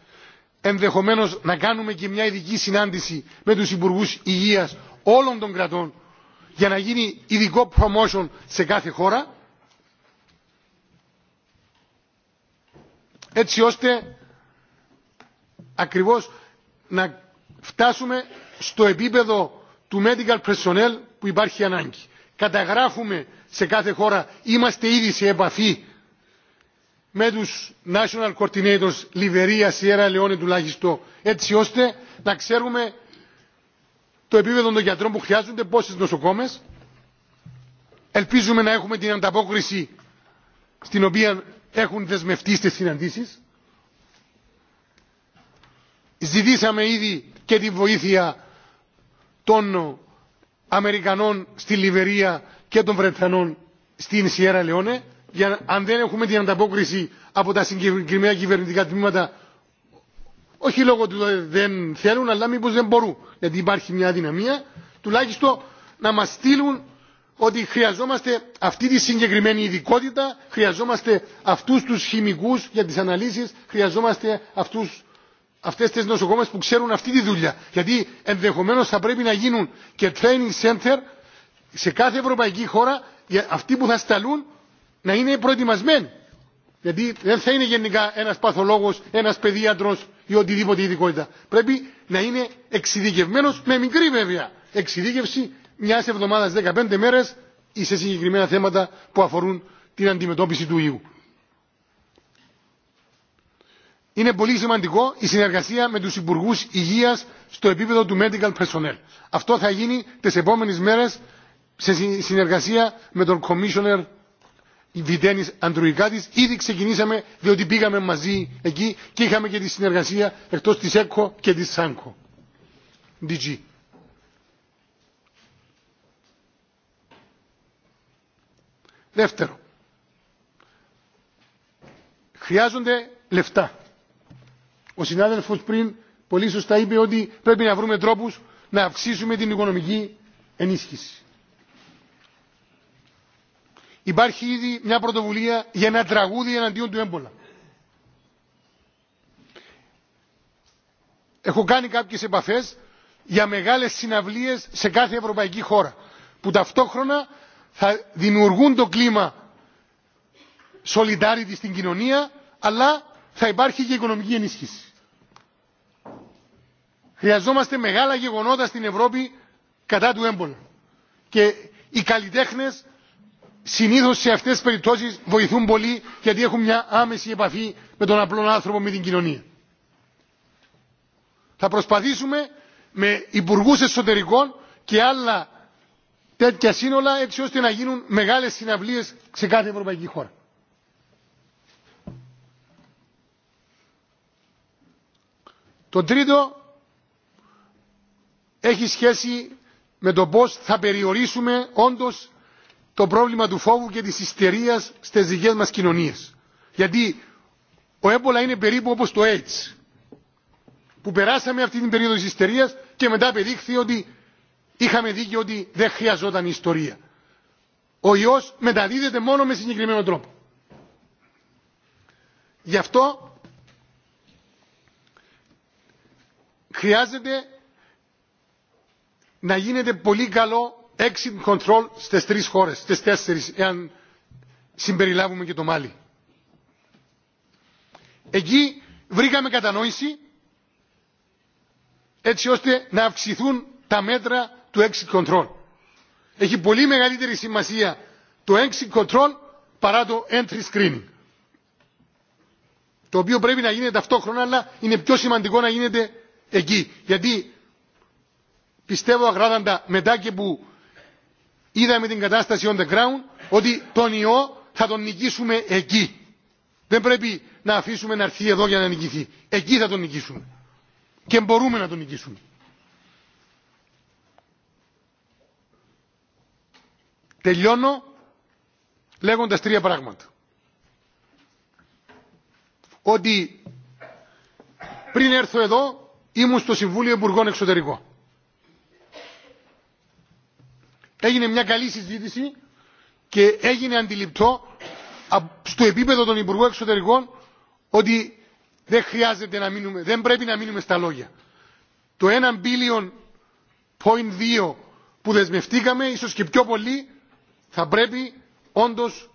ενδεχομένως να κάνουμε και μια ειδική συνάντηση με τους Υπουργούς Υγείας όλων των κρατών για να γίνει ειδικό promotion σε κάθε χώρα έτσι ώστε ακριβώς να φτάσουμε στο επίπεδο του medical personnel που υπάρχει ανάγκη. Καταγράφουμε σε κάθε χώρα, είμαστε ήδη σε επαφή με τους National Coordinators Λιβερία, Σιέρα Λεόνε τουλάχιστον, έτσι ώστε να ξέρουμε το επίπεδο των γιατρών που χρειάζονται, πόσες νοσοκόμες. Ελπίζουμε να έχουμε την ανταπόκριση στην οποία έχουν δεσμευτεί στις συναντήσεις Ζητήσαμε ήδη και τη βοήθεια των Αμερικανών στη Λιβερία και των Βρετανών στην Σιέρα Λεόνε. Για, αν δεν έχουμε την ανταπόκριση από τα συγκεκριμένα κυβερνητικά τμήματα, όχι λόγω του δεν θέλουν, αλλά μήπως δεν μπορούν, γιατί υπάρχει μια δυναμία, τουλάχιστον να μας στείλουν ότι χρειαζόμαστε αυτή τη συγκεκριμένη ειδικότητα, χρειαζόμαστε αυτούς τους χημικούς για τις αναλύσεις, χρειαζόμαστε αυτούς αυτές τις νοσοκόμες που ξέρουν αυτή τη δουλειά. Γιατί ενδεχομένως θα πρέπει να γίνουν και training center σε κάθε ευρωπαϊκή χώρα για αυτοί που θα σταλούν να είναι προετοιμασμένοι. Γιατί δεν θα είναι γενικά ένας παθολόγος, ένας παιδίατρος ή οτιδήποτε ειδικότητα. Πρέπει να είναι εξειδικευμένος με μικρή βέβαια εξειδίκευση μιας εβδομάδας 15 μέρες ή σε συγκεκριμένα θέματα που αφορούν την αντιμετώπιση του ιού είναι πολύ σημαντικό η συνεργασία με τους Υπουργούς Υγείας στο επίπεδο του medical personnel. Αυτό θα γίνει τις επόμενες μέρες σε συνεργασία με τον Commissioner Βιτένης Αντρουικάτης. Ήδη ξεκινήσαμε διότι πήγαμε μαζί εκεί και είχαμε και τη συνεργασία εκτός της ΕΚΟ και της ΣΑΝΚΟ. DG. Δεύτερο. Χρειάζονται λεφτά Ο συνάδελφος πριν πολύ σωστά είπε ότι πρέπει να βρούμε τρόπους να αυξήσουμε την οικονομική ενίσχυση. Υπάρχει ήδη μια πρωτοβουλία για ένα τραγούδι εναντίον του έμπολα. Έχω κάνει κάποιες επαφές για μεγάλες συναυλίες σε κάθε ευρωπαϊκή χώρα που ταυτόχρονα θα δημιουργούν το κλίμα solidarity στην κοινωνία αλλά θα υπάρχει και οικονομική ενίσχυση. Χρειαζόμαστε μεγάλα γεγονότα στην Ευρώπη κατά του έμπολου. Και οι καλλιτέχνε συνήθω σε αυτέ τι περιπτώσει βοηθούν πολύ γιατί έχουν μια άμεση επαφή με τον απλό άνθρωπο, με την κοινωνία. Θα προσπαθήσουμε με υπουργού εσωτερικών και άλλα τέτοια σύνολα έτσι ώστε να γίνουν μεγάλες συναυλίες σε κάθε ευρωπαϊκή χώρα. Το τρίτο έχει σχέση με το πώς θα περιορίσουμε όντως το πρόβλημα του φόβου και της ιστερίας στις δικές μας κοινωνίες. Γιατί ο έμπολα είναι περίπου όπως το AIDS που περάσαμε αυτή την περίοδο της ιστερίας και μετά πεδείχθη ότι είχαμε δίκιο ότι δεν χρειαζόταν ιστορία. Ο ιός μεταδίδεται μόνο με συγκεκριμένο τρόπο. Γι' αυτό χρειάζεται να γίνεται πολύ καλό exit control στις τρεις χώρες, στις τέσσερις, εάν συμπεριλάβουμε και το Μάλι. Εκεί βρήκαμε κατανόηση έτσι ώστε να αυξηθούν τα μέτρα του exit control. Έχει πολύ μεγαλύτερη σημασία το exit control παρά το entry screening. Το οποίο πρέπει να γίνεται ταυτόχρονα, αλλά είναι πιο σημαντικό να γίνεται εκεί. Γιατί πιστεύω αγράδαντα μετά και που είδαμε την κατάσταση on the ground ότι τον ιό θα τον νικήσουμε εκεί. Δεν πρέπει να αφήσουμε να έρθει εδώ για να νικηθεί. Εκεί θα τον νικήσουμε. Και μπορούμε να τον νικήσουμε. Τελειώνω λέγοντας τρία πράγματα. Ότι πριν έρθω εδώ ήμουν στο Συμβούλιο Υπουργών Εξωτερικών. Έγινε μια καλή συζήτηση και έγινε αντιληπτό στο επίπεδο των Υπουργών Εξωτερικών ότι δεν χρειάζεται να μείνουμε, δεν πρέπει να μείνουμε στα λόγια. Το 1 billion point 2 που δεσμευτήκαμε, ίσως και πιο πολύ, θα πρέπει όντως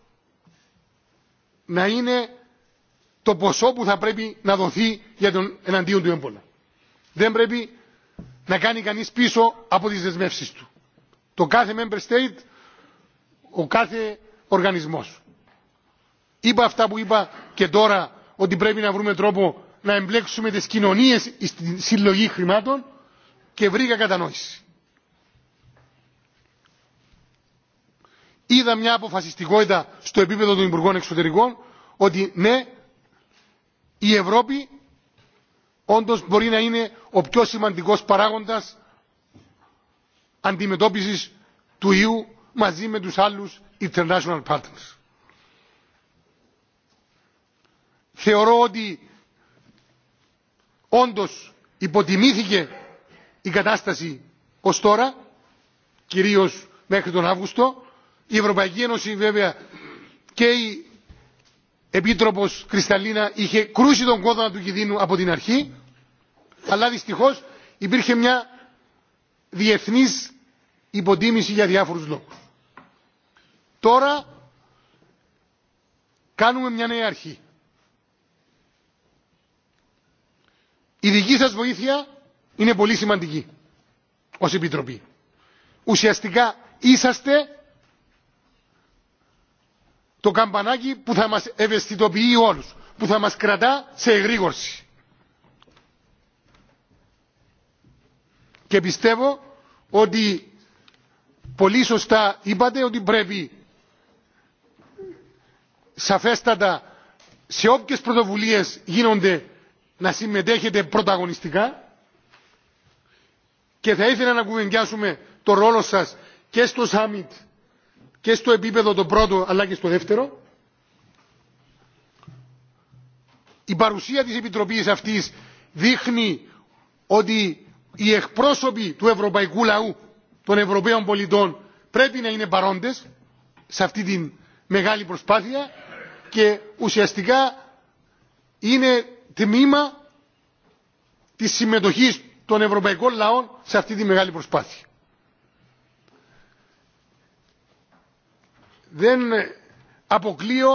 να είναι το ποσό που θα πρέπει να δοθεί για τον εναντίον του έμπολα δεν πρέπει να κάνει κανείς πίσω από τις δεσμεύσεις του. Το κάθε member state, ο κάθε οργανισμός. Είπα αυτά που είπα και τώρα ότι πρέπει να βρούμε τρόπο να εμπλέξουμε τις κοινωνίες στην συλλογή χρημάτων και βρήκα κατανόηση. Είδα μια αποφασιστικότητα στο επίπεδο των Υπουργών Εξωτερικών ότι ναι, η Ευρώπη όντως μπορεί να είναι ο πιο σημαντικός παράγοντας αντιμετώπισης του ιού μαζί με τους άλλους international partners. Θεωρώ ότι όντως υποτιμήθηκε η κατάσταση ως τώρα, κυρίως μέχρι τον Αύγουστο. Η Ευρωπαϊκή Ένωση βέβαια και η επίτροπος Κρυσταλίνα είχε κρούσει τον κόδωνα του κινδύνου από την αρχή, αλλά δυστυχώς υπήρχε μια διεθνής υποτίμηση για διάφορους λόγους. Τώρα κάνουμε μια νέα αρχή. Η δική σας βοήθεια είναι πολύ σημαντική ως Επιτροπή. Ουσιαστικά είσαστε το καμπανάκι που θα μας ευαισθητοποιεί όλους, που θα μας κρατά σε εγρήγορση. Και πιστεύω ότι πολύ σωστά είπατε ότι πρέπει σαφέστατα σε όποιες πρωτοβουλίες γίνονται να συμμετέχετε πρωταγωνιστικά και θα ήθελα να κουβεντιάσουμε το ρόλο σας και στο Summit και στο επίπεδο το πρώτο αλλά και στο δεύτερο. Η παρουσία της Επιτροπής αυτής δείχνει ότι οι εκπρόσωποι του ευρωπαϊκού λαού, των Ευρωπαίων πολιτών, πρέπει να είναι παρόντες σε αυτή τη μεγάλη προσπάθεια και ουσιαστικά είναι τμήμα της συμμετοχής των ευρωπαϊκών λαών σε αυτή τη μεγάλη προσπάθεια. δεν αποκλείω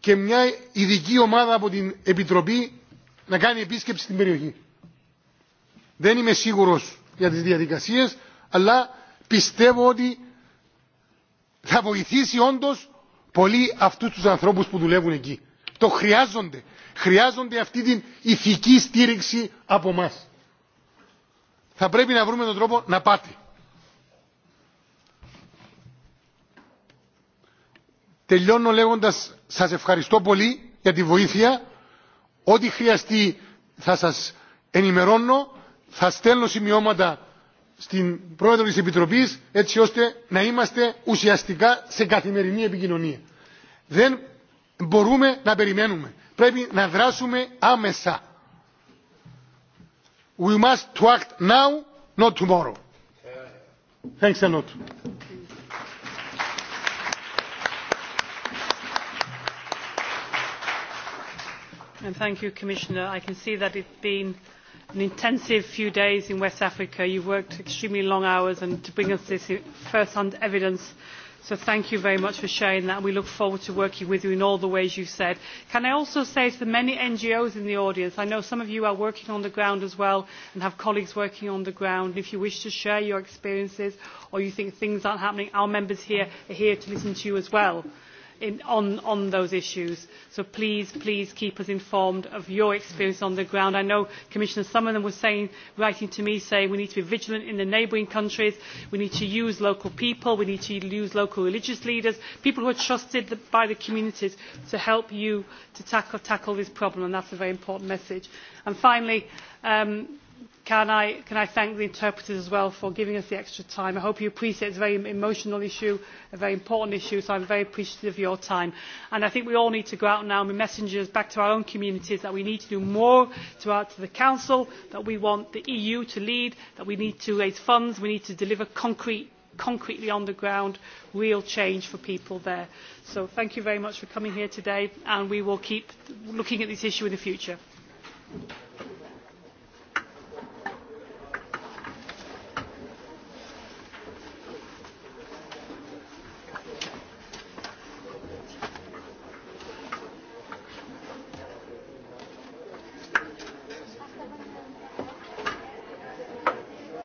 και μια ειδική ομάδα από την Επιτροπή να κάνει επίσκεψη στην περιοχή. Δεν είμαι σίγουρος για τις διαδικασίες, αλλά πιστεύω ότι θα βοηθήσει όντως πολύ αυτούς τους ανθρώπους που δουλεύουν εκεί. Το χρειάζονται. Χρειάζονται αυτή την ηθική στήριξη από εμά. Θα πρέπει να βρούμε τον τρόπο να πάτε. τελειώνω λέγοντας σας ευχαριστώ πολύ για τη βοήθεια. Ό,τι χρειαστεί θα σας ενημερώνω, θα στέλνω σημειώματα στην πρόεδρο της Επιτροπής έτσι ώστε να είμαστε ουσιαστικά σε καθημερινή επικοινωνία. Δεν μπορούμε να περιμένουμε. Πρέπει να δράσουμε άμεσα. We must act now, not tomorrow. Thanks a lot. and thank you commissioner i can see that it has been an intensive few days in west africa. you have worked extremely long hours to bring us this e, first hand evidence so thank you very much for sharing that and we look forward to working with you in all the ways you have said. can i also say to the many ngos in the audience i know some of you are working on the ground as well and have colleagues working on the ground if you wish to share your experiences or you think things are not happening our members here are here to listen to you as well on, those issues. So please, please keep us informed of your experience on the ground. I know Commissioner Summerlin was saying, writing to me saying we need to be vigilant in the neighbouring countries, we need to use local people, we need to use local religious leaders, people who are trusted by the communities to help you to tackle, this problem, and that's a very important message. And finally, um, can I, can I thank the interpreters as well for giving us the extra time. I hope you appreciate it's a very emotional issue, a very important issue, so I'm very appreciative of your time. And I think we all need to go out now and be messengers back to our own communities that we need to do more to, our, to the Council, that we want the EU to lead, that we need to raise funds, we need to deliver concrete concretely on the ground real change for people there. So thank you very much for coming here today and we will keep looking at this issue in the future.